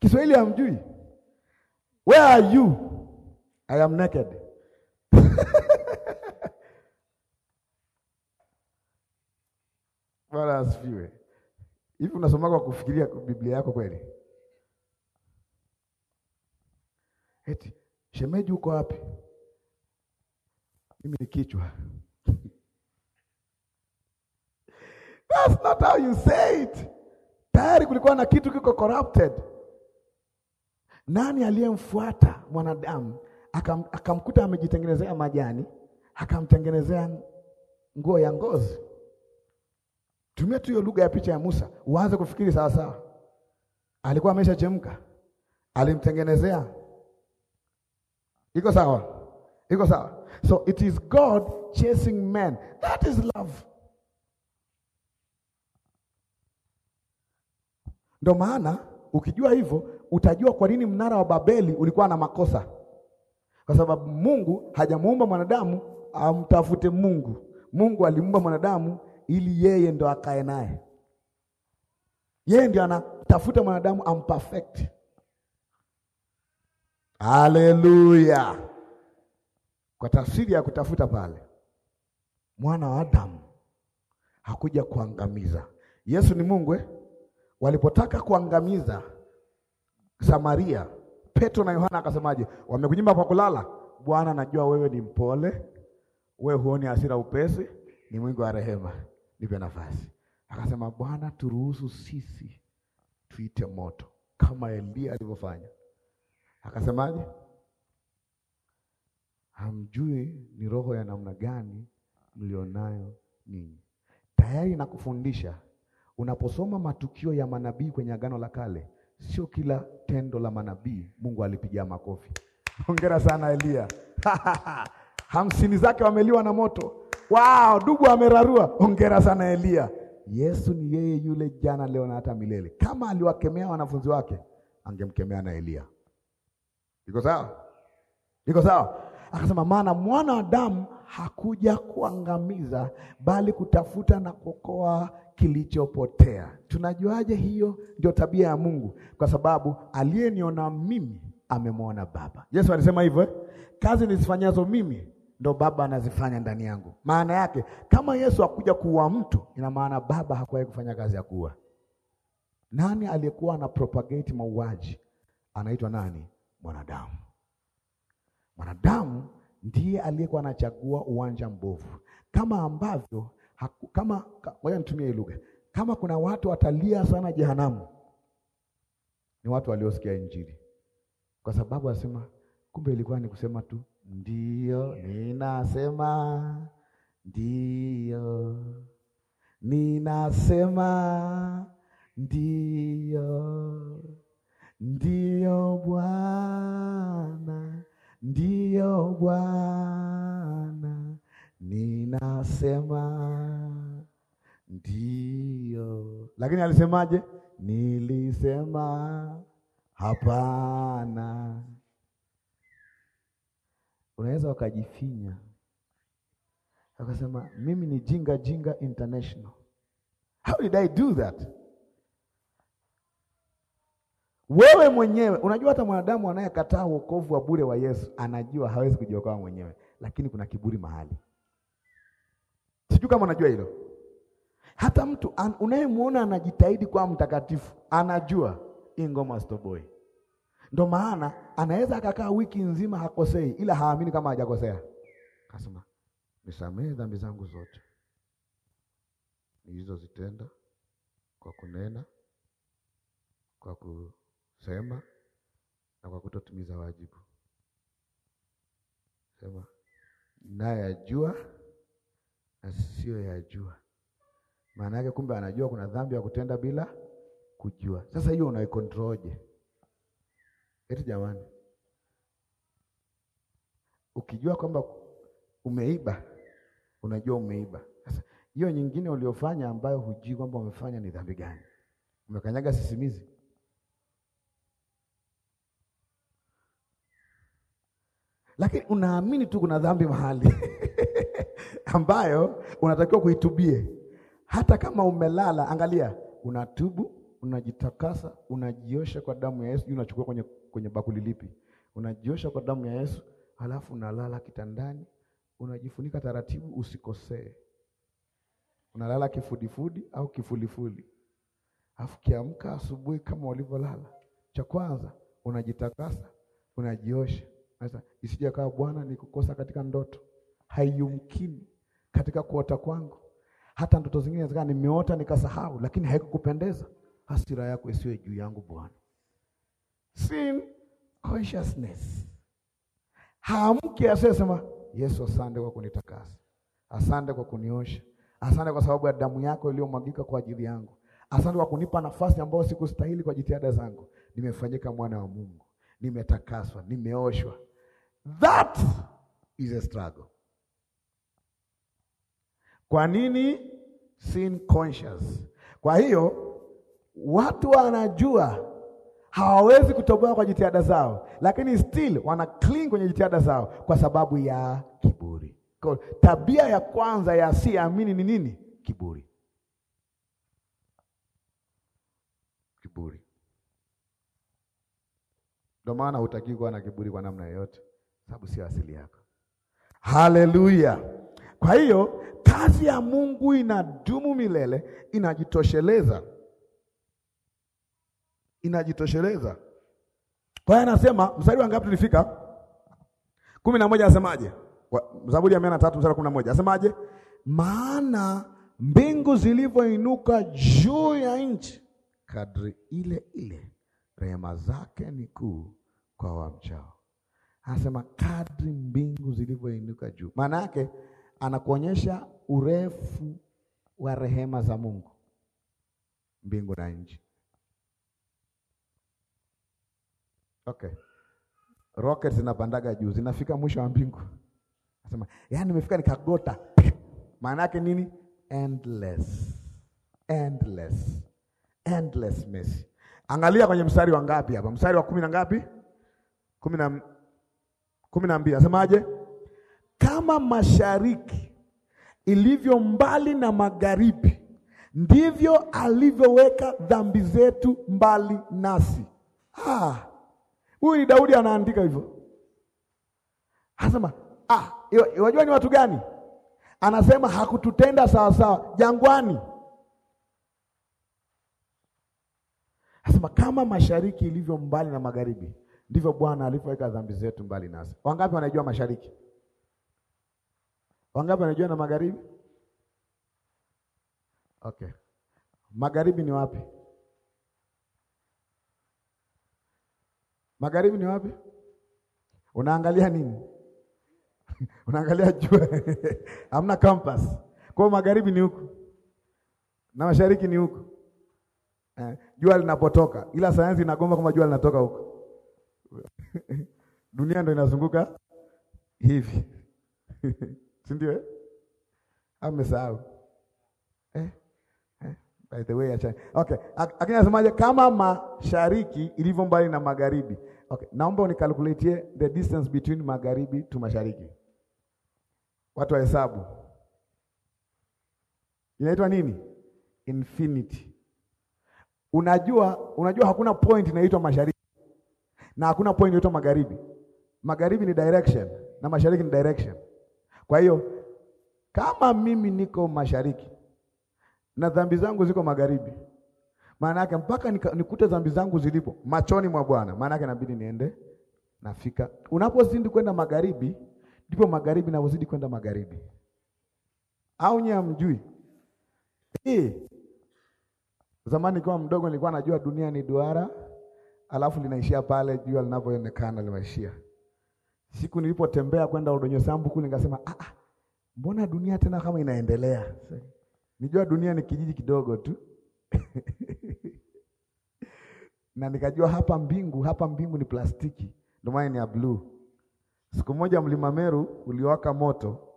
Kiswahili hamjui. Where are you? I am naked Bwana asifiwe. Hivi unasoma kwa kufikiria Biblia yako kweli? Eti shemeji uko wapi? Mimi ni kichwa. That's not how you say it. Tayari kulikuwa na kitu kiko corrupted. Nani aliyemfuata mwanadamu akam, akamkuta amejitengenezea majani, akamtengenezea nguo ya ngozi Tumia tu hiyo lugha ya picha ya Musa, uanze kufikiri sawa sawa. Alikuwa ameshachemka, alimtengenezea. Iko sawa, iko sawa. So it is God chasing men, that is love. Ndio maana ukijua hivyo utajua kwa nini mnara wa Babeli ulikuwa na makosa, kwa sababu Mungu hajamuumba mwanadamu amtafute Mungu. Mungu aliumba mwanadamu ili yeye ndo akae naye. Yeye ndio anatafuta mwanadamu amperfect. Haleluya! Kwa tafsiri ya kutafuta pale, mwana wa Adamu hakuja kuangamiza. Yesu ni Mungu eh? Walipotaka kuangamiza Samaria, Petro na Yohana akasemaje? Wamekunyima kwa kulala. Bwana, najua wewe ni mpole, wewe huoni hasira upesi, ni mwingi wa rehema nipe nafasi. Akasema, Bwana, turuhusu sisi tuite moto kama Elia alivyofanya. Akasemaje? Hamjui ni roho ya namna gani mlionayo ninyi. Tayari nakufundisha, unaposoma matukio ya manabii kwenye Agano la Kale, sio kila tendo la manabii Mungu alipiga makofi. Hongera sana Elia hamsini zake wameliwa na moto, Wow, dubu amerarua. Hongera sana Elia. Yesu ni yeye yule jana, leo na hata milele. Kama aliwakemea wanafunzi wake, angemkemea na Elia. Iko sawa? Iko sawa? Akasema, maana mwana wa Adamu hakuja kuangamiza, bali kutafuta na kuokoa kilichopotea. Tunajuaje hiyo? Ndio tabia ya Mungu, kwa sababu aliyeniona mimi amemwona Baba. Yesu alisema hivyo eh? kazi nizifanyazo mimi ndo Baba anazifanya ndani yangu. Maana yake kama Yesu hakuja kuua mtu, ina maana Baba hakuwahi kufanya kazi ya kuua. Nani aliyekuwa ana propagate mauaji anaitwa nani? Mwanadamu. Mwanadamu ndiye aliyekuwa anachagua uwanja mbovu, kama ambavyo haku, kama ngoja nitumie hii lugha, kama kuna watu watalia sana jehanamu, ni watu waliosikia Injili, kwa sababu asema kumbe ilikuwa ni kusema tu Ndiyo ninasema, ndiyo ninasema, ndiyo ndiyo Bwana, ndiyo Bwana, ninasema ndiyo. Lakini alisemaje? Nilisema hapana unaweza ukajifinya akasema mimi ni Jinga Jinga International. How did I do that? Wewe mwenyewe unajua, hata mwanadamu anayekataa wokovu wa bure wa Yesu anajua hawezi kujiokoa mwenyewe, lakini kuna kiburi mahali. Sijui kama unajua hilo. Hata mtu an, unayemwona anajitahidi kwa mtakatifu anajua hii ngoma stoboy. Ndio maana anaweza akakaa wiki nzima hakosei, ila haamini kama hajakosea. Akasema, nisamehe dhambi zangu zote nilizozitenda kwa kunena, kwa kusema na kwa kutotimiza wajibu. Sema nayajua na sio yajua. Maana yake kumbe anajua kuna dhambi ya kutenda bila kujua. Sasa hiyo unaikontroje? Eti jamani, ukijua kwamba umeiba unajua umeiba. Sasa hiyo nyingine uliofanya ambayo hujui kwamba umefanya ni dhambi gani? Umekanyaga sisimizi. Lakini unaamini tu kuna dhambi mahali ambayo unatakiwa kuitubie, hata kama umelala. Angalia, unatubu, unajitakasa, unajiosha kwa damu ya Yesu, unachukua kwenye kwenye bakuli lipi? Unajiosha kwa damu ya Yesu, halafu unalala kitandani, unajifunika taratibu, usikosee. Unalala kifudifudi au kifulifuli, alafu kiamka asubuhi kama ulivyolala. Cha kwanza unajitakasa, unajiosha. Sasa isije kawa Bwana nikukosa katika ndoto, haiyumkini katika kuota kwangu hata ndoto zingine zikawa nimeota nikasahau, lakini haikukupendeza. Hasira yako isiwe juu yangu Bwana sin consciousness. Haamki asiyesema Yesu, asante kwa kunitakasa, asante kwa kuniosha, asante kwa sababu ya damu yako iliyomwagika kwa ajili yangu, asante kwa kunipa nafasi ambayo sikustahili kwa jitihada zangu, nimefanyika mwana wa Mungu, nimetakaswa, nimeoshwa. That is a struggle. Kwa nini sin conscious? Kwa hiyo watu wanajua hawawezi kutoboa kwa jitihada zao, lakini still wana cling kwenye jitihada zao kwa sababu ya kiburi. Kwa tabia ya kwanza ya siamini ni nini? Kiburi, kiburi. Ndio maana hutaki kuwa na kiburi kwa namna yoyote, sababu sio asili yako. Haleluya! Kwa hiyo kazi ya Mungu inadumu milele, inajitosheleza inajitosheleza. Kwa hiyo anasema mstari wa ngapi tulifika? kumi na moja asemaje? Zaburi ya mia na tatu mstari wa kumi na moja asemaje? maana mbingu zilivyoinuka juu ya nchi, kadri ile ile rehema zake ni kuu kwa wamchao. Anasema kadri mbingu zilivyoinuka juu, maana yake anakuonyesha urefu wa rehema za Mungu, mbingu na nchi. Okay. Rocket zinapandaga juu, zinafika mwisho wa mbingu. Nasema, yaani nimefika nikagota. Maana yake nini? Endless. Endless. Endless mercy. Angalia kwenye mstari wa ngapi hapa? Mstari wa kumi na ngapi? Kumi na kumi na mbili. Nasemaje? Kama mashariki ilivyo mbali na magharibi, ndivyo alivyoweka dhambi zetu mbali nasi. Ah. Huyu ni Daudi anaandika hivyo, anasema ah, wajua ni watu gani? Anasema hakututenda sawasawa jangwani. Anasema kama mashariki ilivyo mbali na magharibi, ndivyo Bwana alivyoweka dhambi zetu mbali nasi. Wangapi wanajua mashariki? Wangapi wanajua na magharibi? Okay, magharibi ni wapi? Magharibi ni wapi? Unaangalia nini? Unaangalia jua. Hamna compass. Kwa magharibi ni huku na mashariki ni huku eh, jua linapotoka, ila sayansi inagomba kwamba jua linatoka huku dunia ndo inazunguka hivi si ndio? Amesahau eh? By the way, Okay. Lakini nasemaje kama mashariki ilivyo mbali na magharibi. Okay. Naomba unikalkuletie the distance between magharibi to mashariki. Watu wa hesabu. Inaitwa nini? Infinity. Unajua, unajua hakuna point inaitwa mashariki na hakuna point inaitwa magharibi. Magharibi ni direction na mashariki ni direction. Kwa hiyo kama mimi niko mashariki na dhambi zangu ziko magharibi. Maana yake mpaka nikute dhambi zangu zilipo machoni mwa Bwana, maana yake inabidi niende nafika. Unapozidi kwenda magharibi, ndipo magharibi naozidi kwenda magharibi. Au nyie hamjui hii? Zamani nikiwa mdogo nilikuwa najua dunia ni duara, alafu linaishia pale jua linavyoonekana limeishia. Siku nilipotembea kwenda Odonyo kule, nikasema, ah, ah, mbona dunia tena kama inaendelea? Nijua dunia ni kijiji kidogo tu na nikajua hapa mbingu, hapa mbingu ni plastiki, ndio maana ni ya bluu. Siku moja mlima Meru uliwaka moto,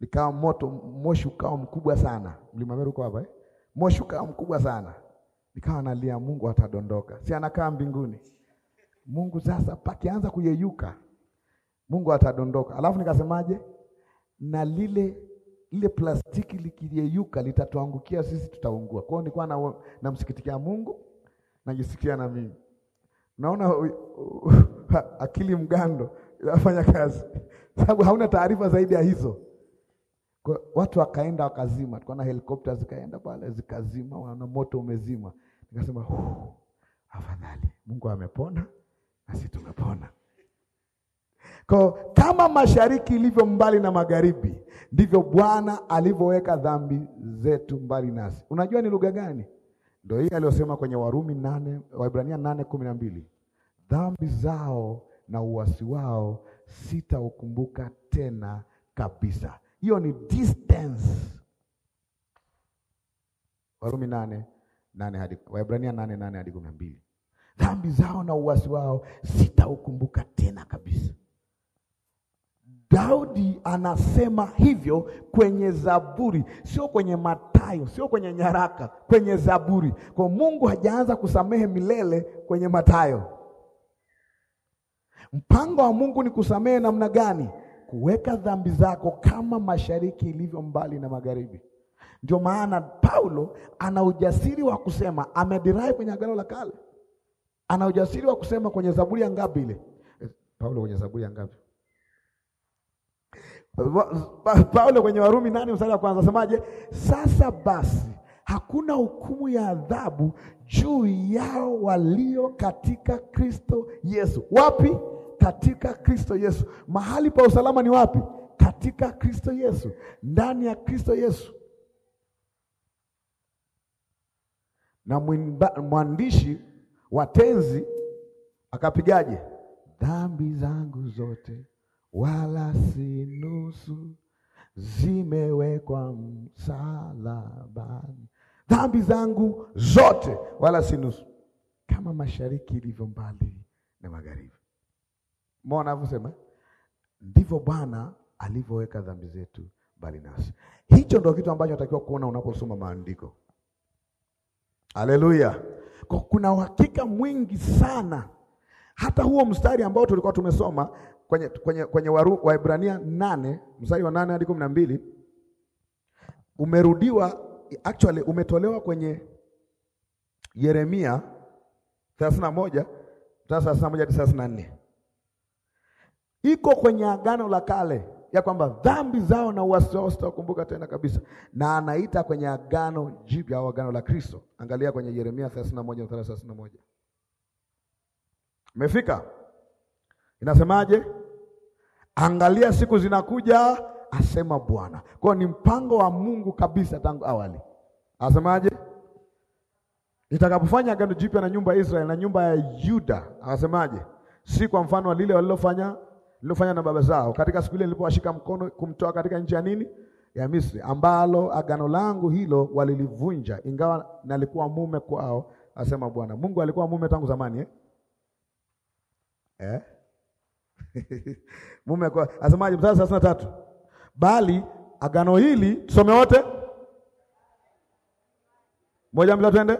nikawa moto, moshi ukawa mkubwa sana. Mlima Meru uko hapa eh? Moshi ukawa mkubwa sana, nikawa nalia, Mungu atadondoka, si anakaa mbinguni Mungu. Sasa pakianza kuyeyuka, Mungu atadondoka. Alafu nikasemaje na lile lile plastiki likiyeyuka litatuangukia sisi, tutaungua. Kwa hiyo nilikuwa namsikitikia Mungu, najisikia na mimi naona u, u, akili mgando inafanya kazi, sababu hauna taarifa zaidi ya hizo. Kwa watu wakaenda wakazima, tulikuwa na helikopta zikaenda pale zikazima, wana moto umezima. Nikasema afadhali Mungu amepona na sisi tumepona. Kwa kama mashariki ilivyo mbali na magharibi, ndivyo Bwana alivyoweka dhambi zetu mbali nasi. Unajua ni lugha gani? Ndio hii aliyosema kwenye Warumi nane, Waibrania nane kumi na mbili, dhambi zao na uasi wao sitaukumbuka tena kabisa. Hiyo ni distance. Warumi nane nane hadi Waibrania nane nane hadi kumi na mbili, dhambi zao na uasi wao sitaukumbuka tena kabisa. Daudi anasema hivyo kwenye Zaburi, sio kwenye matayo sio kwenye nyaraka, kwenye Zaburi. Kwa Mungu hajaanza kusamehe milele kwenye matayo Mpango wa Mungu ni kusamehe namna gani? Kuweka dhambi zako kama mashariki ilivyo mbali na magharibi. Ndio maana Paulo ana ujasiri wa kusema, amedirai kwenye Agano la Kale, ana ujasiri wa kusema kwenye Zaburi ya ngapi ile? Paulo kwenye Zaburi ya ngapi? Paulo kwenye Warumi nane mstari wa kwanza asemaje? Sasa basi hakuna hukumu ya adhabu juu yao walio katika Kristo Yesu. Wapi? Katika Kristo Yesu. Mahali pa usalama ni wapi? Katika Kristo Yesu, ndani ya Kristo Yesu. Na mwandishi wa tenzi akapigaje? Dhambi zangu zote wala si nusu, zimewekwa msalabani. Dhambi zangu zote, wala si nusu, kama mashariki ilivyo mbali na magharibi. Mbona anavyosema ndivyo Bwana alivyoweka dhambi zetu mbali nasi. Hicho ndio kitu ambacho natakiwa kuona unaposoma maandiko. Haleluya! Kuna uhakika mwingi sana hata huo mstari ambao tulikuwa tumesoma kwenye, kwenye, kwenye Waebrania nane mstari wa nane hadi kumi na mbili umerudiwa actually umetolewa kwenye Yeremia 31 na 31 thelathini na hadi iko kwenye Agano la Kale ya kwamba dhambi zao na uasi wao sitakumbuka tena kabisa, na anaita kwenye Agano Jipya au Agano la Kristo. Angalia kwenye Yeremia 31:31. mefika Inasemaje? Angalia siku zinakuja, asema Bwana. Kwa ni mpango wa Mungu kabisa tangu awali. Anasemaje? Nitakapofanya agano jipya na nyumba ya Israeli na nyumba ya Yuda, anasemaje? Si kwa mfano wa lile walilofanya lilofanya na baba zao katika siku ile nilipowashika mkono kumtoa katika nchi ya nini ya Misri, ambalo agano langu hilo walilivunja, ingawa nalikuwa mume kwao, asema Bwana. Mungu alikuwa mume tangu zamani eh? Eh? mume akawa asemaje? Mstari thelathini na tatu, bali agano hili tusome wote moja mbili twende.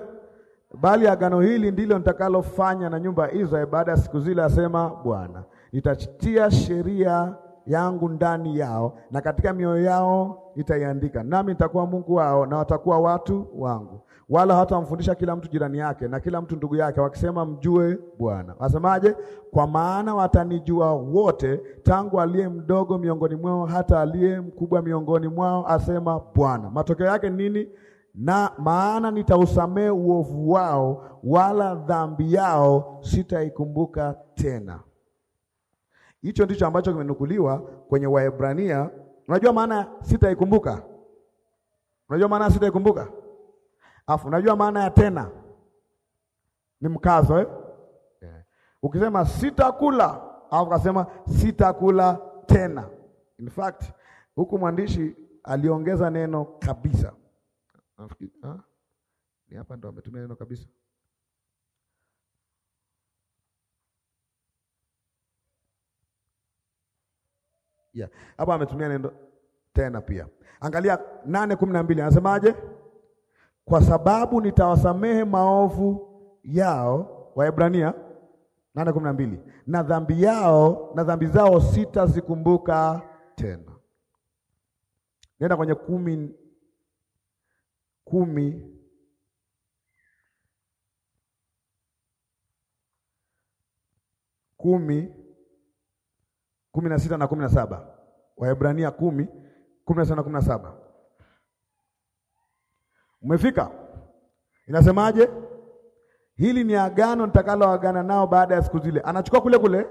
Bali agano hili ndilo nitakalofanya na nyumba ya Israeli baada ya siku zile, asema Bwana, nitatia sheria yangu ndani yao na katika mioyo yao nitaiandika, nami nitakuwa Mungu wao na watakuwa watu wangu wala hatamfundisha kila mtu jirani yake na kila mtu ndugu yake, wakisema mjue Bwana. Wasemaje? Kwa maana watanijua wote, tangu aliye mdogo miongoni mwao hata aliye mkubwa miongoni mwao, asema Bwana. Matokeo yake nini? Na maana nitausamehe uovu wao, wala dhambi yao sitaikumbuka tena. Hicho ndicho ambacho kimenukuliwa kwenye Waebrania. Unajua maana sitaikumbuka? Unajua maana sitaikumbuka Alafu unajua maana ya tena ni mkazo eh? Yeah. Ukisema sitakula au kasema sitakula tena. In fact, huku mwandishi aliongeza neno kabisa. Ah, ni hapa ndo ametumia neno kabisa. Yeah. Hapa ametumia neno tena pia. Angalia nane kumi na mbili anasemaje? kwa sababu nitawasamehe maovu yao, Waebrania 8:12, na dhambi yao na dhambi zao sitazikumbuka tena. Nenda kwenye kumi kumi kumi kumi na sita na kumi na saba Waebrania kumi kumi na sita na kumi na saba Umefika? Inasemaje? Hili ni agano nitakaloagana nao baada ya siku zile. Anachukua kule kule,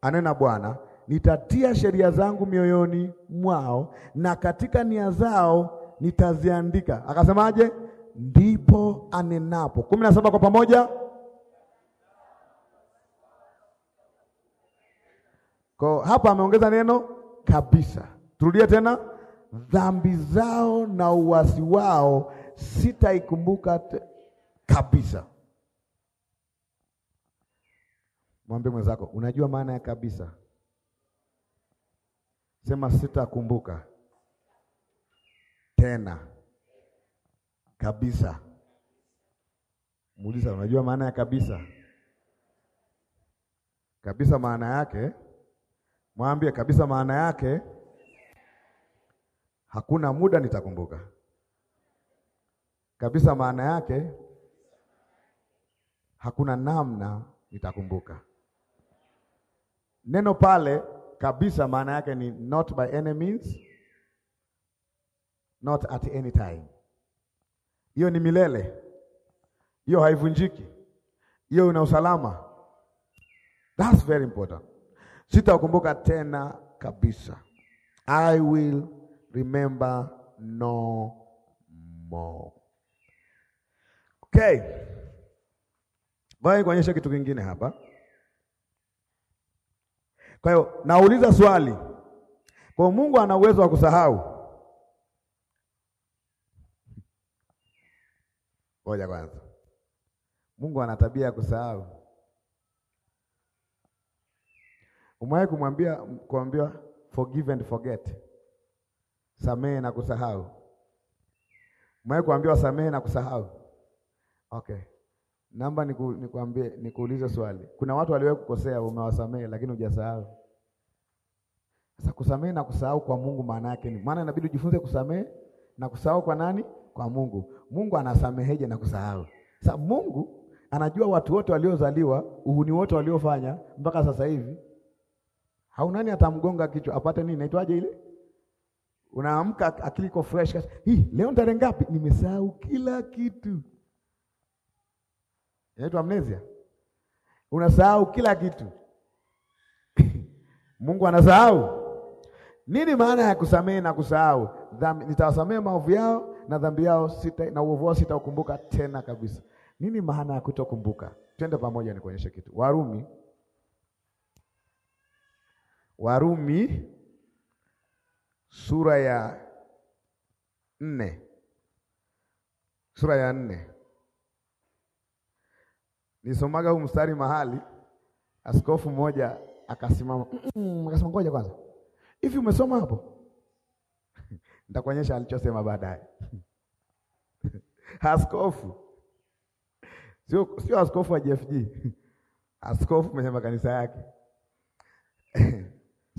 anena Bwana, nitatia sheria zangu mioyoni mwao na katika nia zao nitaziandika. Akasemaje? Ndipo anenapo. kumi na saba kwa pamoja. Kwa hapa ameongeza neno kabisa. Turudie tena, dhambi zao na uasi wao sitaikumbuka kabisa. Mwambie mwenzako, unajua maana ya kabisa? Sema sitakumbuka tena kabisa. Muuliza, unajua maana ya kabisa? Kabisa maana yake, mwambie kabisa maana yake, hakuna muda nitakumbuka kabisa, maana yake hakuna namna nitakumbuka. Neno pale kabisa, maana yake ni not by any means, not at any time. Hiyo ni milele, hiyo haivunjiki, hiyo ina usalama. That's very important. Sitakumbuka tena kabisa. I will remember no more. Okay. Ngoja kuonyesha kitu kingine hapa. Kwa hiyo nauliza swali. Kwa Mungu ana uwezo wa kusahau? Ngoja kwanza. Mungu ana tabia ya kusahau. Umewahi kumwambia kuambiwa forgive and forget, samehe na kusahau? Umewahi kuambiwa samehe na kusahau? Okay. Namba niku, nikuambie nikuulize swali. Kuna watu waliwahi kukosea umewasamehe lakini hujasahau. Sasa kusamehe na kusahau kwa Mungu maana yake ni maana inabidi ujifunze kusamehe na kusahau kwa nani? Kwa Mungu. Mungu anasameheje na kusahau? Sasa Mungu anajua watu wote waliozaliwa, uhuni wote waliofanya mpaka sasa hivi. Haunani atamgonga kichwa apate nini? Naitwaje ile? Unaamka akili iko fresh. Hii leo tarehe ngapi? Nimesahau kila kitu inaitwa amnesia. Unasahau kila kitu. Mungu anasahau nini? Maana ya kusamehe na kusahau nitawasamehe maovu yao na dhambi yao sita, na uovu wao sitaukumbuka tena kabisa. Nini maana ya kutokumbuka? Twende pamoja nikuonyeshe kitu. Warumi, Warumi sura ya nne, sura ya nne Nisomaga huu mstari mahali askofu mmoja akasimama, mm, akasema ngoja kwanza, hivi umesoma hapo? Nitakuonyesha alichosema baadaye. Askofu sio, sio askofu wa JFG askofu mwenye makanisa yake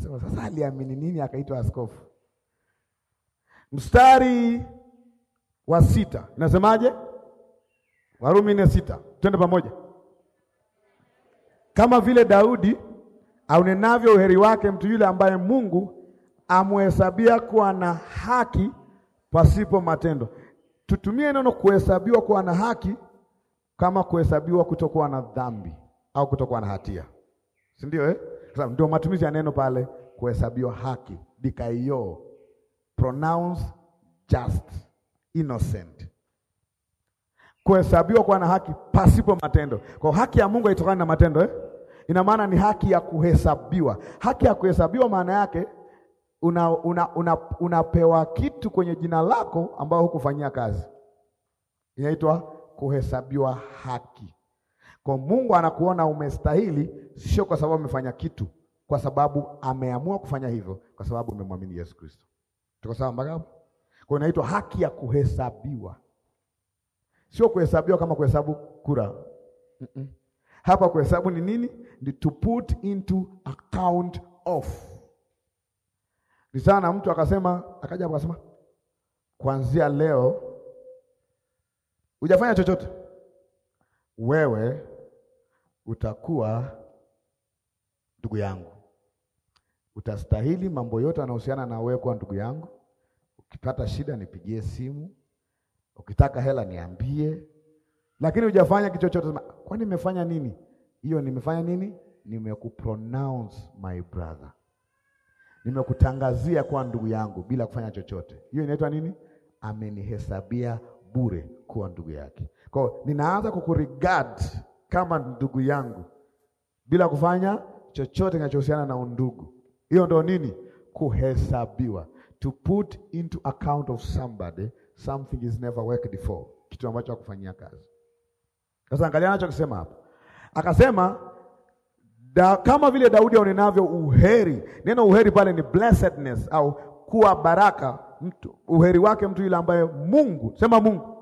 sema sasa, aliamini nini akaitwa askofu? Mstari wa sita inasemaje? Warumi nne sita, twende pamoja kama vile Daudi aunenavyo uheri wake mtu yule ambaye Mungu amuhesabia kuwa na haki pasipo matendo. Tutumie neno kuhesabiwa kuwa na haki kama kuhesabiwa kutokuwa na dhambi au kutokuwa na hatia, si ndio? Eh, ndio matumizi ya neno pale, kuhesabiwa haki, dikaiyo, pronounce just, innocent, kuhesabiwa kuwa na haki pasipo matendo. Kwa haki ya Mungu haitokani na matendo eh? ina maana ni haki ya kuhesabiwa. Haki ya kuhesabiwa maana yake una, una, una, unapewa kitu kwenye jina lako ambao hukufanyia kazi, inaitwa kuhesabiwa haki. Kwa Mungu anakuona umestahili, sio kwa sababu umefanya kitu, kwa sababu ameamua kufanya hivyo, kwa sababu umemwamini Yesu Kristo. Tuko sawa mpaka hapo? Kwa inaitwa haki ya kuhesabiwa, sio kuhesabiwa kama kuhesabu kura. Mm -mm. Hapa kuhesabu ni nini? Ni to put into account of. Ni sana mtu akasema, akaja akasema, kuanzia leo hujafanya chochote, wewe utakuwa ndugu yangu, utastahili mambo yote yanayohusiana na wewe kuwa ndugu yangu. Ukipata shida nipigie simu, ukitaka hela niambie lakini hujafanya kitu chochote. Sema kwani nimefanya nini? Hiyo nimefanya nini? Nimekupronounce my brother, nimekutangazia kuwa ndugu yangu bila kufanya chochote. Hiyo inaitwa nini? Amenihesabia bure kuwa ndugu yake. Kwa hiyo ninaanza kukuregard kama ndugu yangu bila kufanya chochote kinachohusiana na undugu. Hiyo ndo nini? Kuhesabiwa, to put into account of somebody something is never worked before, kitu ambacho hakufanyia kazi. Sasa angalia anachokisema hapa, akasema da, kama vile Daudi aonenavyo uheri. Neno uheri pale ni blessedness au kuwa baraka, mtu uheri wake mtu yule ambaye Mungu, sema Mungu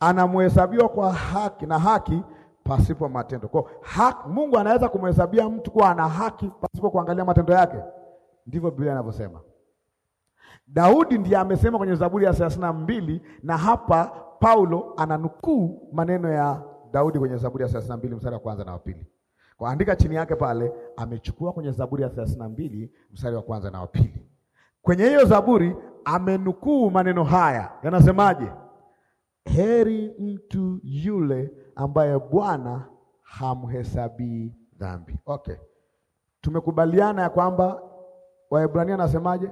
anamhesabiwa kwa haki na haki pasipo matendo. Kwa hak, Mungu anaweza kumhesabia mtu kuwa ana haki pasipo kuangalia matendo yake, ndivyo Biblia inavyosema. Daudi ndiye amesema kwenye Zaburi ya thelathini na mbili na hapa Paulo ananukuu maneno ya Daudi kwenye Zaburi ya 32 mstari wa kwanza na wa pili. Kwa andika chini yake pale amechukua kwenye Zaburi ya 32 mstari wa kwanza na wa pili. Kwenye hiyo Zaburi amenukuu maneno haya yanasemaje? Heri mtu yule ambaye Bwana hamhesabii dhambi. Okay, tumekubaliana ya kwamba Waebrania anasemaje?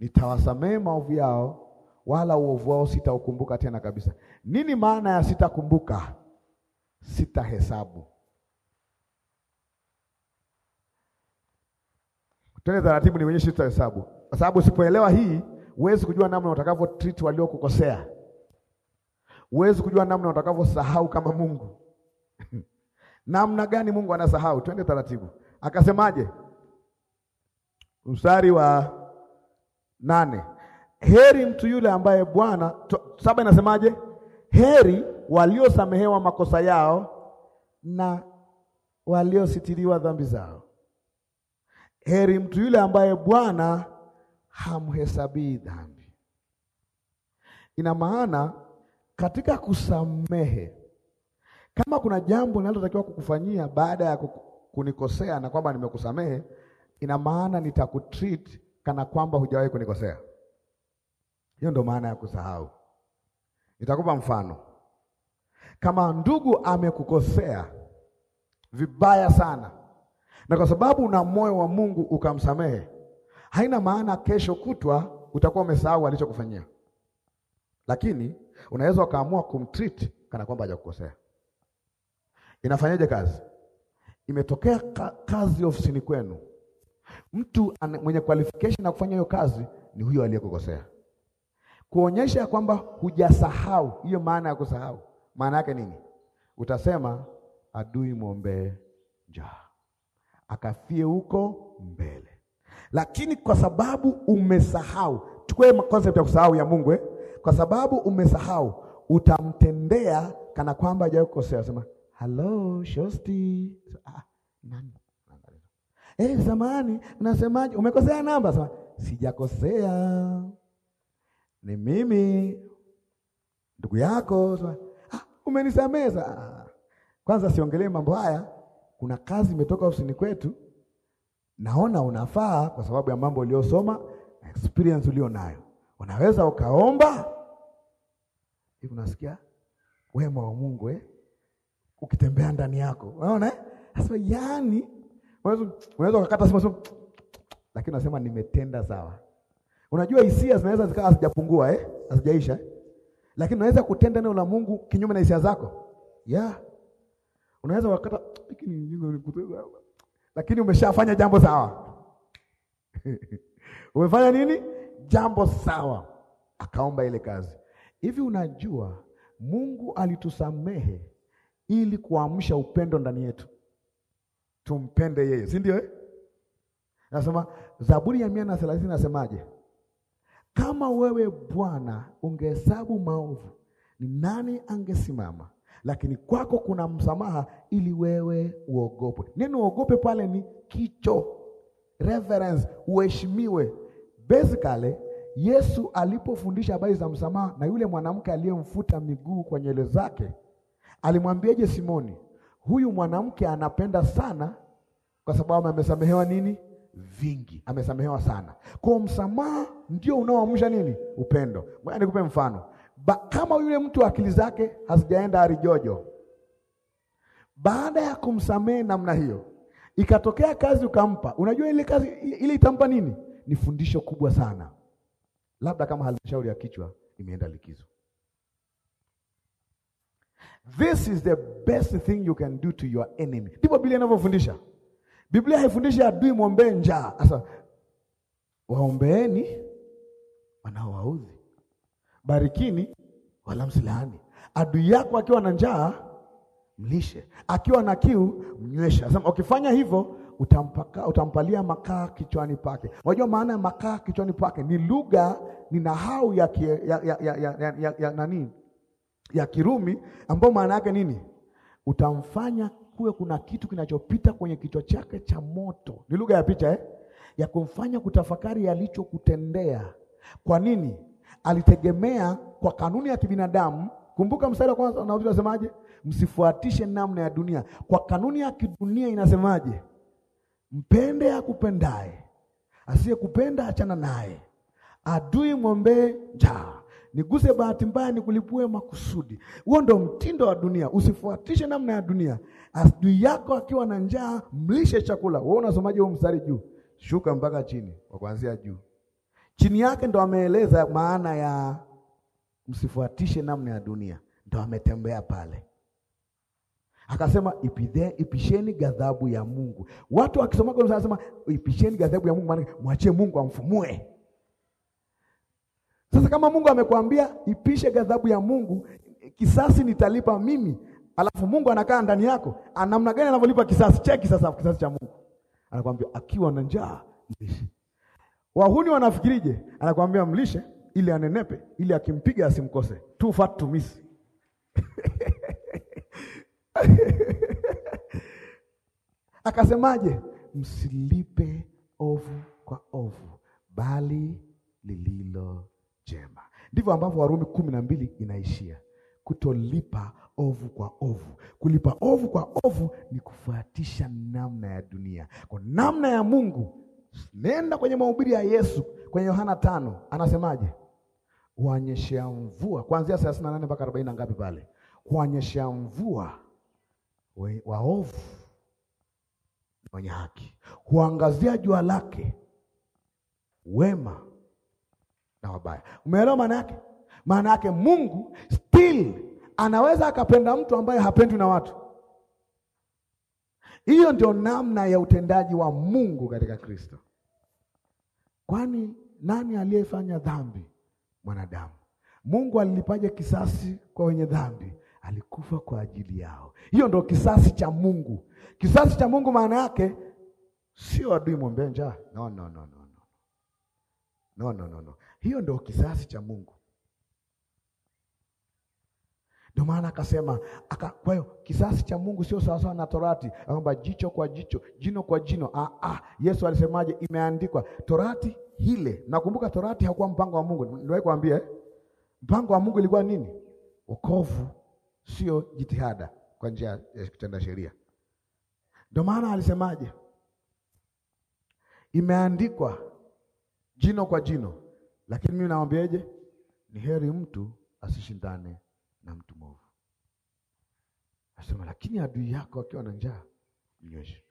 Nitawasamehe maovu yao, wala uovu wao sitaukumbuka tena kabisa. Nini maana ya sitakumbuka? sitahesabu. Twende taratibu, nionyeshe sitahesabu, kwa sababu usipoelewa hii huwezi kujua namna utakavyo treat waliokukosea, huwezi kujua namna utakavyosahau kama Mungu namna gani Mungu anasahau. Twende taratibu, akasemaje? Mstari wa nane, heri mtu yule ambaye Bwana saba, inasemaje? Heri waliosamehewa makosa yao na waliositiriwa dhambi zao. Heri mtu yule ambaye Bwana hamhesabii dhambi. Ina maana katika kusamehe, kama kuna jambo linalotakiwa kukufanyia baada ya kunikosea na kwamba nimekusamehe, ina maana nitakutreat kana kwamba hujawahi kunikosea. Hiyo ndio maana ya kusahau. Nitakupa mfano. Kama ndugu amekukosea vibaya sana, na kwa sababu una moyo wa Mungu ukamsamehe, haina maana kesho kutwa utakuwa umesahau alichokufanyia, lakini unaweza ukaamua kumtreat kana kwamba hajakukosea. Inafanyaje kazi? Imetokea ka kazi ofisini kwenu, mtu mwenye qualification na kufanya hiyo kazi ni huyo aliyekukosea, kuonyesha kwamba hujasahau. Hiyo maana ya kusahau maana yake nini? Utasema adui mwombee njaa, akafie huko mbele. Lakini kwa sababu umesahau, chukue concept ya kusahau ya Mungu eh? Kwa sababu umesahau, utamtendea kana kwamba hajawahi kukosea. Sema hello shosti, ah, nani eh, zamani nasemaje, umekosea namba. Sema sijakosea, ni mimi ndugu yako. Sema umenisameza Kwanza siongelee mambo haya, kuna kazi imetoka ofisini kwetu, naona unafaa kwa sababu ya mambo uliyosoma na experience nayo unaweza ukaomba hivi. Unasikia wema wa Mungu eh? ukitembea ndani yako, unaona eh? sasa, yani unaweza ukakata sema, lakini unasema nimetenda sawa. Unajua hisia zinaweza zikawa hazijapungua eh, hazijaisha eh? Lakini unaweza kutenda neno la Mungu kinyume na hisia zako. Yeah. Unaweza wakata lakini umeshafanya jambo sawa. Umefanya nini? Jambo sawa. Akaomba ile kazi. Hivi unajua Mungu alitusamehe ili kuamsha upendo ndani yetu. Tumpende yeye, si ndio eh? Nasema Zaburi ya mia na thelathini nasemaje? Kama wewe Bwana ungehesabu maovu, ni nani angesimama? Lakini kwako kuna msamaha, ili wewe uogopwe. Neno uogope pale ni kicho, reverence, uheshimiwe. Basically, Yesu alipofundisha habari za msamaha na yule mwanamke aliyemfuta miguu kwa nywele zake, alimwambiaje Simoni? Huyu mwanamke anapenda sana kwa sababu amesamehewa nini? vingi, amesamehewa sana. Kwa msamaha ndio unaoamsha nini? Upendo. Ngoja nikupe mfano ba, kama yule mtu akili zake hazijaenda arijojo, baada ya kumsamehe namna hiyo, ikatokea kazi ukampa, unajua ile kazi ile itampa nini? Ni fundisho kubwa sana, labda kama halmashauri ya kichwa imeenda likizo. This is the best thing you can do to your enemy. Ndipo Biblia inavyofundisha. Biblia haifundishi adui mwombee njaa. Sasa waombeeni wanaowaudhi, barikini wala msilaani. Adui yako akiwa na njaa mlishe, akiwa na kiu mnyweshe. Sasa ukifanya hivyo utampaka, utampalia makaa kichwani pake. Unajua maana ya makaa kichwani pake ni lugha, ni nahau ya, ya, ya, ya, ya, ya, ya, ya nani ya Kirumi ambayo maana yake nini? Utamfanya kuwe kuna kitu kinachopita kwenye kichwa chake cha moto, ni lugha ya picha eh? ya kumfanya kutafakari yalichokutendea. Kwa nini? Alitegemea kwa kanuni ya kibinadamu. Kumbuka mstari wa kwanza, na unasemaje? Msifuatishe namna ya dunia. Kwa kanuni ya kidunia inasemaje? Mpende akupendaye, asiyekupenda achana naye, adui mwombee njaa niguse bahati mbaya nikulipue makusudi. Huo ndo mtindo wa dunia, usifuatishe namna ya dunia. Adui yako akiwa na njaa, mlishe chakula. Wewe unasomaje huo mstari juu? Shuka mpaka chini, wa kuanzia juu chini yake ndo ameeleza maana ya msifuatishe namna ya dunia, ndo ametembea pale akasema ipide, ipisheni ghadhabu ya Mungu. Watu wakisomaga wanasema ipisheni ghadhabu ya Mungu, maana mwachie Mungu amfumue sasa kama Mungu amekwambia ipishe ghadhabu ya Mungu, kisasi nitalipa mimi, alafu Mungu anakaa ndani yako, namna gani anavyolipa kisasi? Cheki sasa kisasi cha Mungu, anakwambia akiwa na njaa mlishe. Wahuni wanafikirije? Anakwambia mlishe ili anenepe, ili akimpiga asimkose. Too fat to miss Akasemaje? msilipe ovu kwa ovu, bali lililo njema. Ndivyo ambavyo Warumi kumi na mbili inaishia, kutolipa ovu kwa ovu. Kulipa ovu kwa ovu ni kufuatisha namna ya dunia kwa namna ya Mungu. Nenda kwenye mahubiri ya Yesu kwenye Yohana tano, anasemaje? Wanyeshea mvua kuanzia thelathini na nane mpaka arobaini na ngapi pale, kuanyeshea mvua waovu wenye haki, huangazia jua lake wema na wabaya. Umeelewa maana yake? Maana yake Mungu still anaweza akapenda mtu ambaye hapendwi na watu. Hiyo ndio namna ya utendaji wa Mungu katika Kristo. Kwani nani aliyefanya dhambi? Mwanadamu. Mungu alilipaje kisasi kwa wenye dhambi? Alikufa kwa ajili yao. Hiyo ndio kisasi cha Mungu. Kisasi cha Mungu maana yake sio adui mwombee njaa. No, no, no, no, no. No, no, no, no. Hiyo ndio kisasi cha Mungu. Ndio maana akasema aka, kwa hiyo kisasi cha Mungu sio sawasawa na Torati, kwamba jicho kwa jicho, jino kwa jino. Ah, ah, Yesu alisemaje? Imeandikwa Torati hile. Nakumbuka Torati hakuwa mpango wa Mungu, niliwahi kuambia eh? Mpango wa Mungu ilikuwa nini? Wokovu, sio jitihada kwa njia ya kutenda sheria. Ndio maana alisemaje? Imeandikwa jino kwa jino lakini mimi naambiaje? Ni heri mtu asishindane na mtu mwovu. Asema, lakini adui yako akiwa na njaa mnyweshe.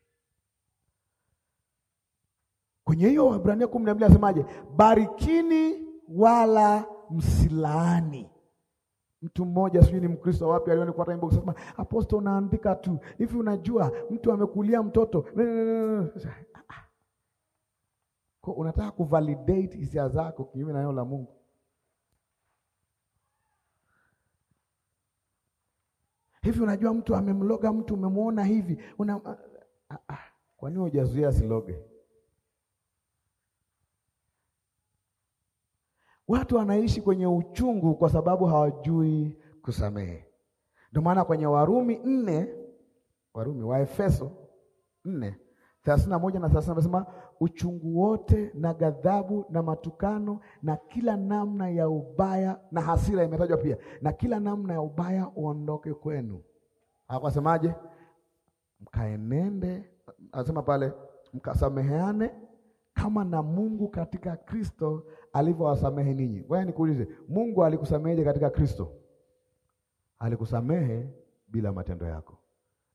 Kwenye hiyo Waebrania kumi na mbili asemaje? Barikini wala msilaani. Mtu mmoja sijui ni Mkristo wapi aliona kwa inbox akasema, Apostle, unaandika tu hivi, unajua mtu amekulia mtoto ah, ah. Kwa unataka kuvalidate hisia zako kinyume na neno la Mungu. Hivi unajua mtu amemloga mtu, umemwona hivi una ah, ah, ah. Kwa nini hujazuia asiloge? Watu wanaishi kwenye uchungu kwa sababu hawajui kusamehe. Ndio maana kwenye Warumi nne Warumi wa Efeso nne thelathini na moja na thelathini amesema uchungu wote na ghadhabu na matukano na kila namna ya ubaya na hasira imetajwa pia, na kila namna ya ubaya uondoke kwenu. Hakwasemaje? Mkaenende, anasema pale, mkasameheane kama na Mungu katika Kristo alivyowasamehe ninyi. Ngoja nikuulize, Mungu alikusameheje katika Kristo? Alikusamehe bila matendo yako,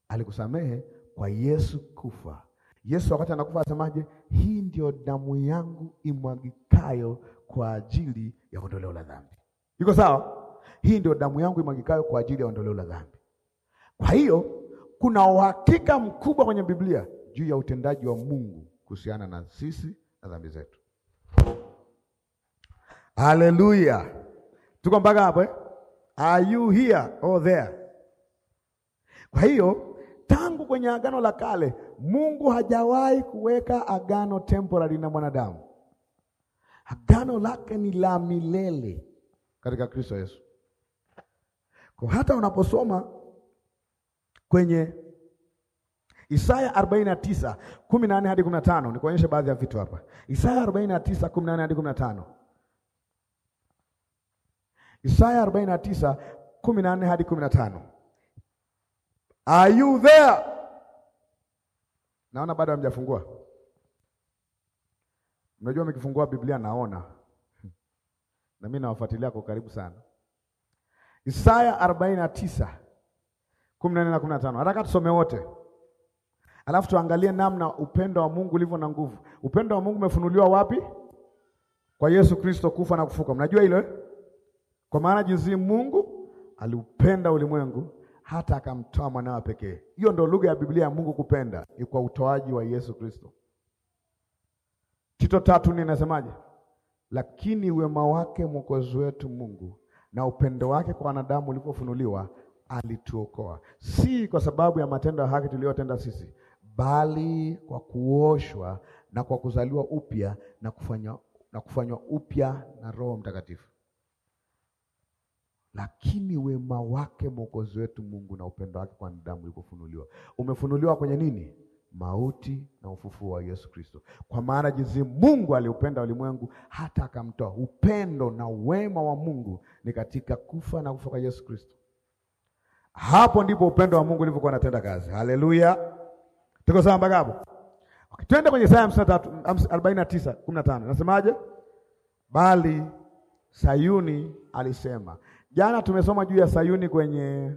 alikusamehe kwa Yesu kufa Yesu wakati anakufa asemaje? Hii ndio damu yangu imwagikayo kwa ajili ya ondoleo la dhambi. Iko sawa? Hii ndio damu yangu imwagikayo kwa ajili ya ondoleo la dhambi. Kwa hiyo kuna uhakika mkubwa kwenye Biblia juu ya utendaji wa Mungu kuhusiana na sisi na dhambi zetu. Haleluya! tuko mpaka hapo eh? Are you here or there? Kwa hiyo tangu kwenye agano la kale Mungu hajawahi kuweka agano temporary na mwanadamu. Agano lake ni la milele katika Kristo Yesu. Kwa hata unaposoma kwenye Isaya 49 18 hadi 15, nikuonyeshe baadhi ya vitu hapa. Isaya 49 18 hadi 15. Isaya 49 18 hadi 15. Are you there? Naona bado hamjafungua. Mnajua mkifungua Biblia naona. Na mimi nawafuatilia kwa karibu sana. Isaya 49 14 na 15. Nataka tusome wote. Alafu tuangalie namna upendo wa Mungu ulivyo na nguvu. Upendo wa Mungu umefunuliwa wapi? Kwa Yesu Kristo kufa na kufuka. Mnajua hilo? Eh? Kwa maana jinsi Mungu aliupenda ulimwengu hata akamtoa mwanawe pekee. Hiyo ndio lugha ya Biblia ya Mungu kupenda, ni kwa utoaji wa Yesu Kristo. Tito tatu nne inasemaje? Lakini wema wake mwokozi wetu Mungu na upendo wake kwa wanadamu ulipofunuliwa, alituokoa si kwa sababu ya matendo ya haki tuliyotenda sisi, bali kwa kuoshwa na kwa kuzaliwa upya na kufanywa na kufanywa upya na Roho Mtakatifu lakini wema wake Mwokozi wetu Mungu na upendo wake kwa nadamu ulikufunuliwa. Umefunuliwa kwenye nini? Mauti na ufufuo wa Yesu Kristo. Kwa maana jinsi Mungu aliupenda ulimwengu hata akamtoa. Upendo na wema wa Mungu ni katika kufa na kufa kwa Yesu Kristo. Hapo ndipo upendo wa Mungu ulivyokuwa unatenda kazi. Haleluya, tuko sawa mpaka hapo? Okay, twende kwenye Isaya 49:15 nasemaje? Bali Sayuni alisema Jana tumesoma juu ya Sayuni kwenye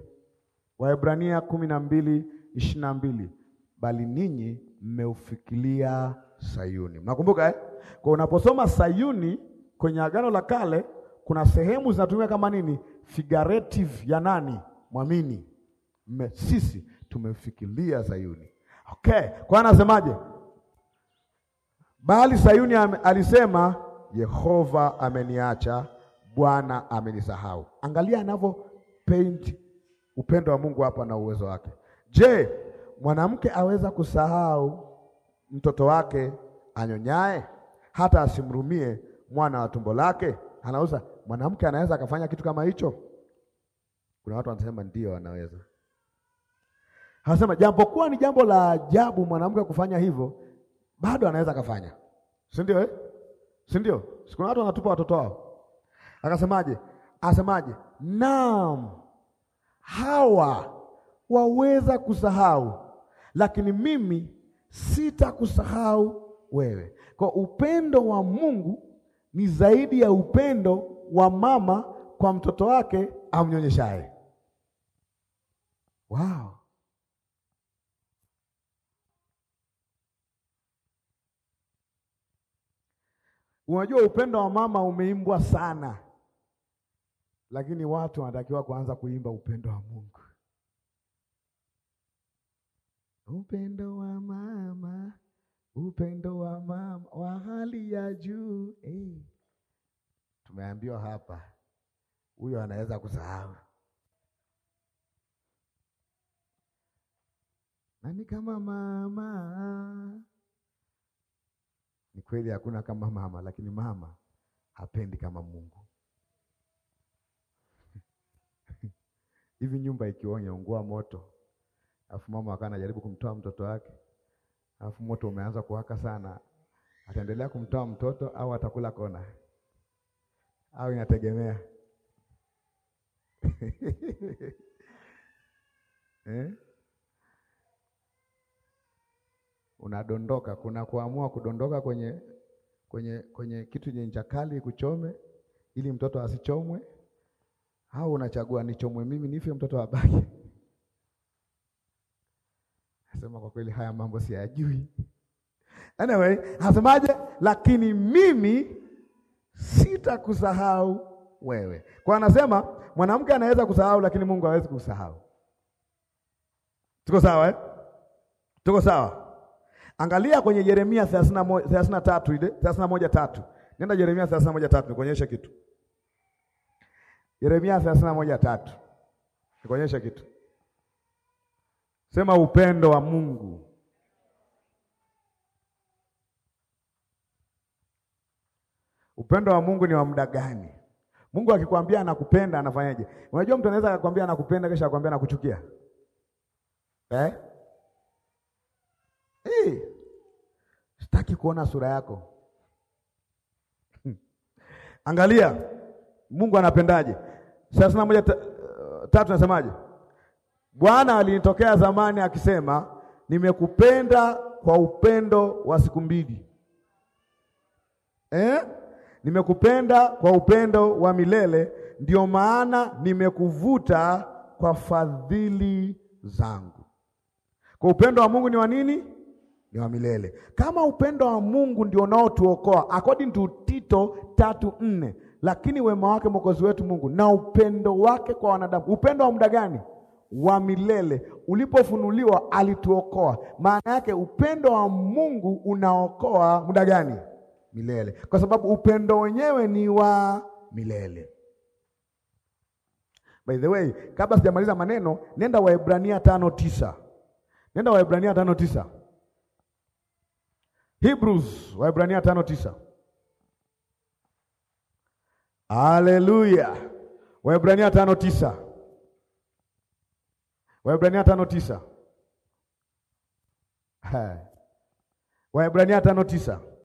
Waebrania kumi na mbili ishirini na mbili bali ninyi mmeufikilia Sayuni. Mnakumbuka eh? Kwa unaposoma Sayuni kwenye Agano la Kale kuna sehemu zinatumika kama nini? Figurative ya nani? Mwamini. Me, sisi tumefikilia Sayuni. Okay, kwa anasemaje? Bali Sayuni alisema Yehova ameniacha Bwana amenisahau. Angalia anavyo paint upendo wa Mungu hapa na uwezo wake. Je, mwanamke aweza kusahau mtoto wake anyonyae hata asimrumie mwana wa tumbo lake? Anauza mwanamke anaweza akafanya kitu kama hicho? Kuna watu wanasema ndio, anaweza. Anasema kuwa ni jambo la ajabu mwanamke kufanya hivyo, bado anaweza akafanya, si ndio eh? Si ndio? Kuna watu wanatupa watoto wao Akasemaje? Asemaje? Naam, hawa waweza kusahau, lakini mimi sitakusahau wewe. Kwa upendo wa Mungu ni zaidi ya upendo wa mama kwa mtoto wake amnyonyeshaye. Wow. Unajua upendo wa mama umeimbwa sana lakini watu wanatakiwa kuanza kuimba upendo wa Mungu, upendo wa mama, upendo wa mama wa hali ya juu hey. Eh. Tumeambiwa hapa huyo anaweza kusahau nani kama mama. Ni kweli hakuna kama mama, lakini mama hapendi kama Mungu. hivi nyumba ikionya ungua moto, alafu mama akawa anajaribu kumtoa mtoto wake, alafu moto umeanza kuwaka sana, ataendelea kumtoa mtoto au atakula kona au inategemea eh? Unadondoka, kuna kuamua kudondoka kwenye kwenye kwenye kitu chenye ncha kali kuchome, ili mtoto asichomwe au unachagua nichomwe mimi nife mtoto abaki? Nasema kwa kweli haya mambo siyajui. Anyway, anasemaje Lakini mimi sitakusahau wewe. Kwa anasema mwanamke anaweza kusahau, lakini Mungu hawezi kusahau. Tuko sawa eh? Tuko sawa. Angalia kwenye Yeremia 33 ile 31 tatu Nenda Yeremia 31 3 nikuonyeshe kitu. Yeremia thelathini na moja tatu nikuonyesha kitu. Sema upendo wa Mungu Upendo wa Mungu ni wa muda gani? Mungu akikwambia anakupenda anafanyaje? Unajua mtu anaweza akakwambia anakupenda kisha akwambia anakuchukia. Eh? Eh. Sitaki kuona sura yako. Hmm. Angalia Mungu anapendaje? thelathini na moja tatu nasemaje? Bwana alinitokea zamani akisema, nimekupenda kwa upendo wa siku mbili eh? Nimekupenda kwa upendo wa milele, ndio maana nimekuvuta kwa fadhili zangu. Kwa upendo wa Mungu ni wa nini? Ni wa milele. Kama upendo wa Mungu ndio unaotuokoa, according to Tito tatu nne, lakini wema wake Mwokozi wetu Mungu na upendo wake kwa wanadamu, upendo wa muda gani? Wa milele, ulipofunuliwa alituokoa. Maana yake upendo wa Mungu unaokoa muda gani? Milele, kwa sababu upendo wenyewe ni wa milele. By the way, kabla sijamaliza maneno, nenda Waebrania tano tisa. Nenda Waebrania tano tisa. Hebrews, Waebrania tano tisa. Haleluya. Waebrania tano tisa. Waebrania tano tisa. Waebrania tano tisa.